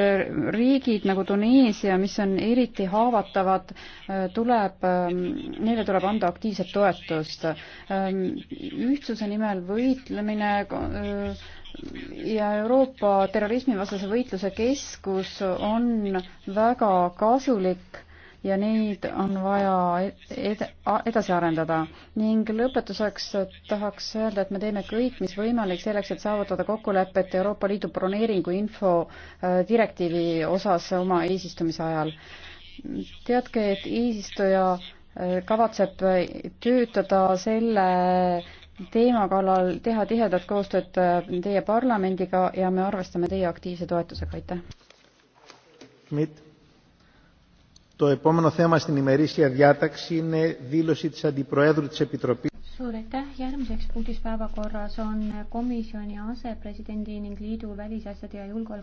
riigid nagu Tuneesia, mis on eriti haavatavad, e, tuleb, e, neile tuleb anda aktiivset toetust. ühtsuse nimel võitlemine ja Euroopa terrorismivastase võitluse keskus on väga kasulik ja neid on vaja ed edasi arendada. ning lõpetuseks tahaks öelda, et me teeme kõik, mis võimalik selleks, et saavutada kokkulepet Euroopa Liidu broneeringu info äh, direktiivi osas oma eesistumise ajal. teadke, et eesistuja äh, kavatseb töötada selle teema kallal teha tihedat koostööd äh, teie parlamendiga ja me arvestame teie aktiivse toetusega, aitäh. Το επόμενο θέμα στην ημερήσια διάταξη είναι δήλωση της Αντιπροέδρου της Επιτροπής. Suur aitäh, järgmiseks punktis päevakorras on komisjoni asepresidendi ning liidu välisasjade ja julgeoleku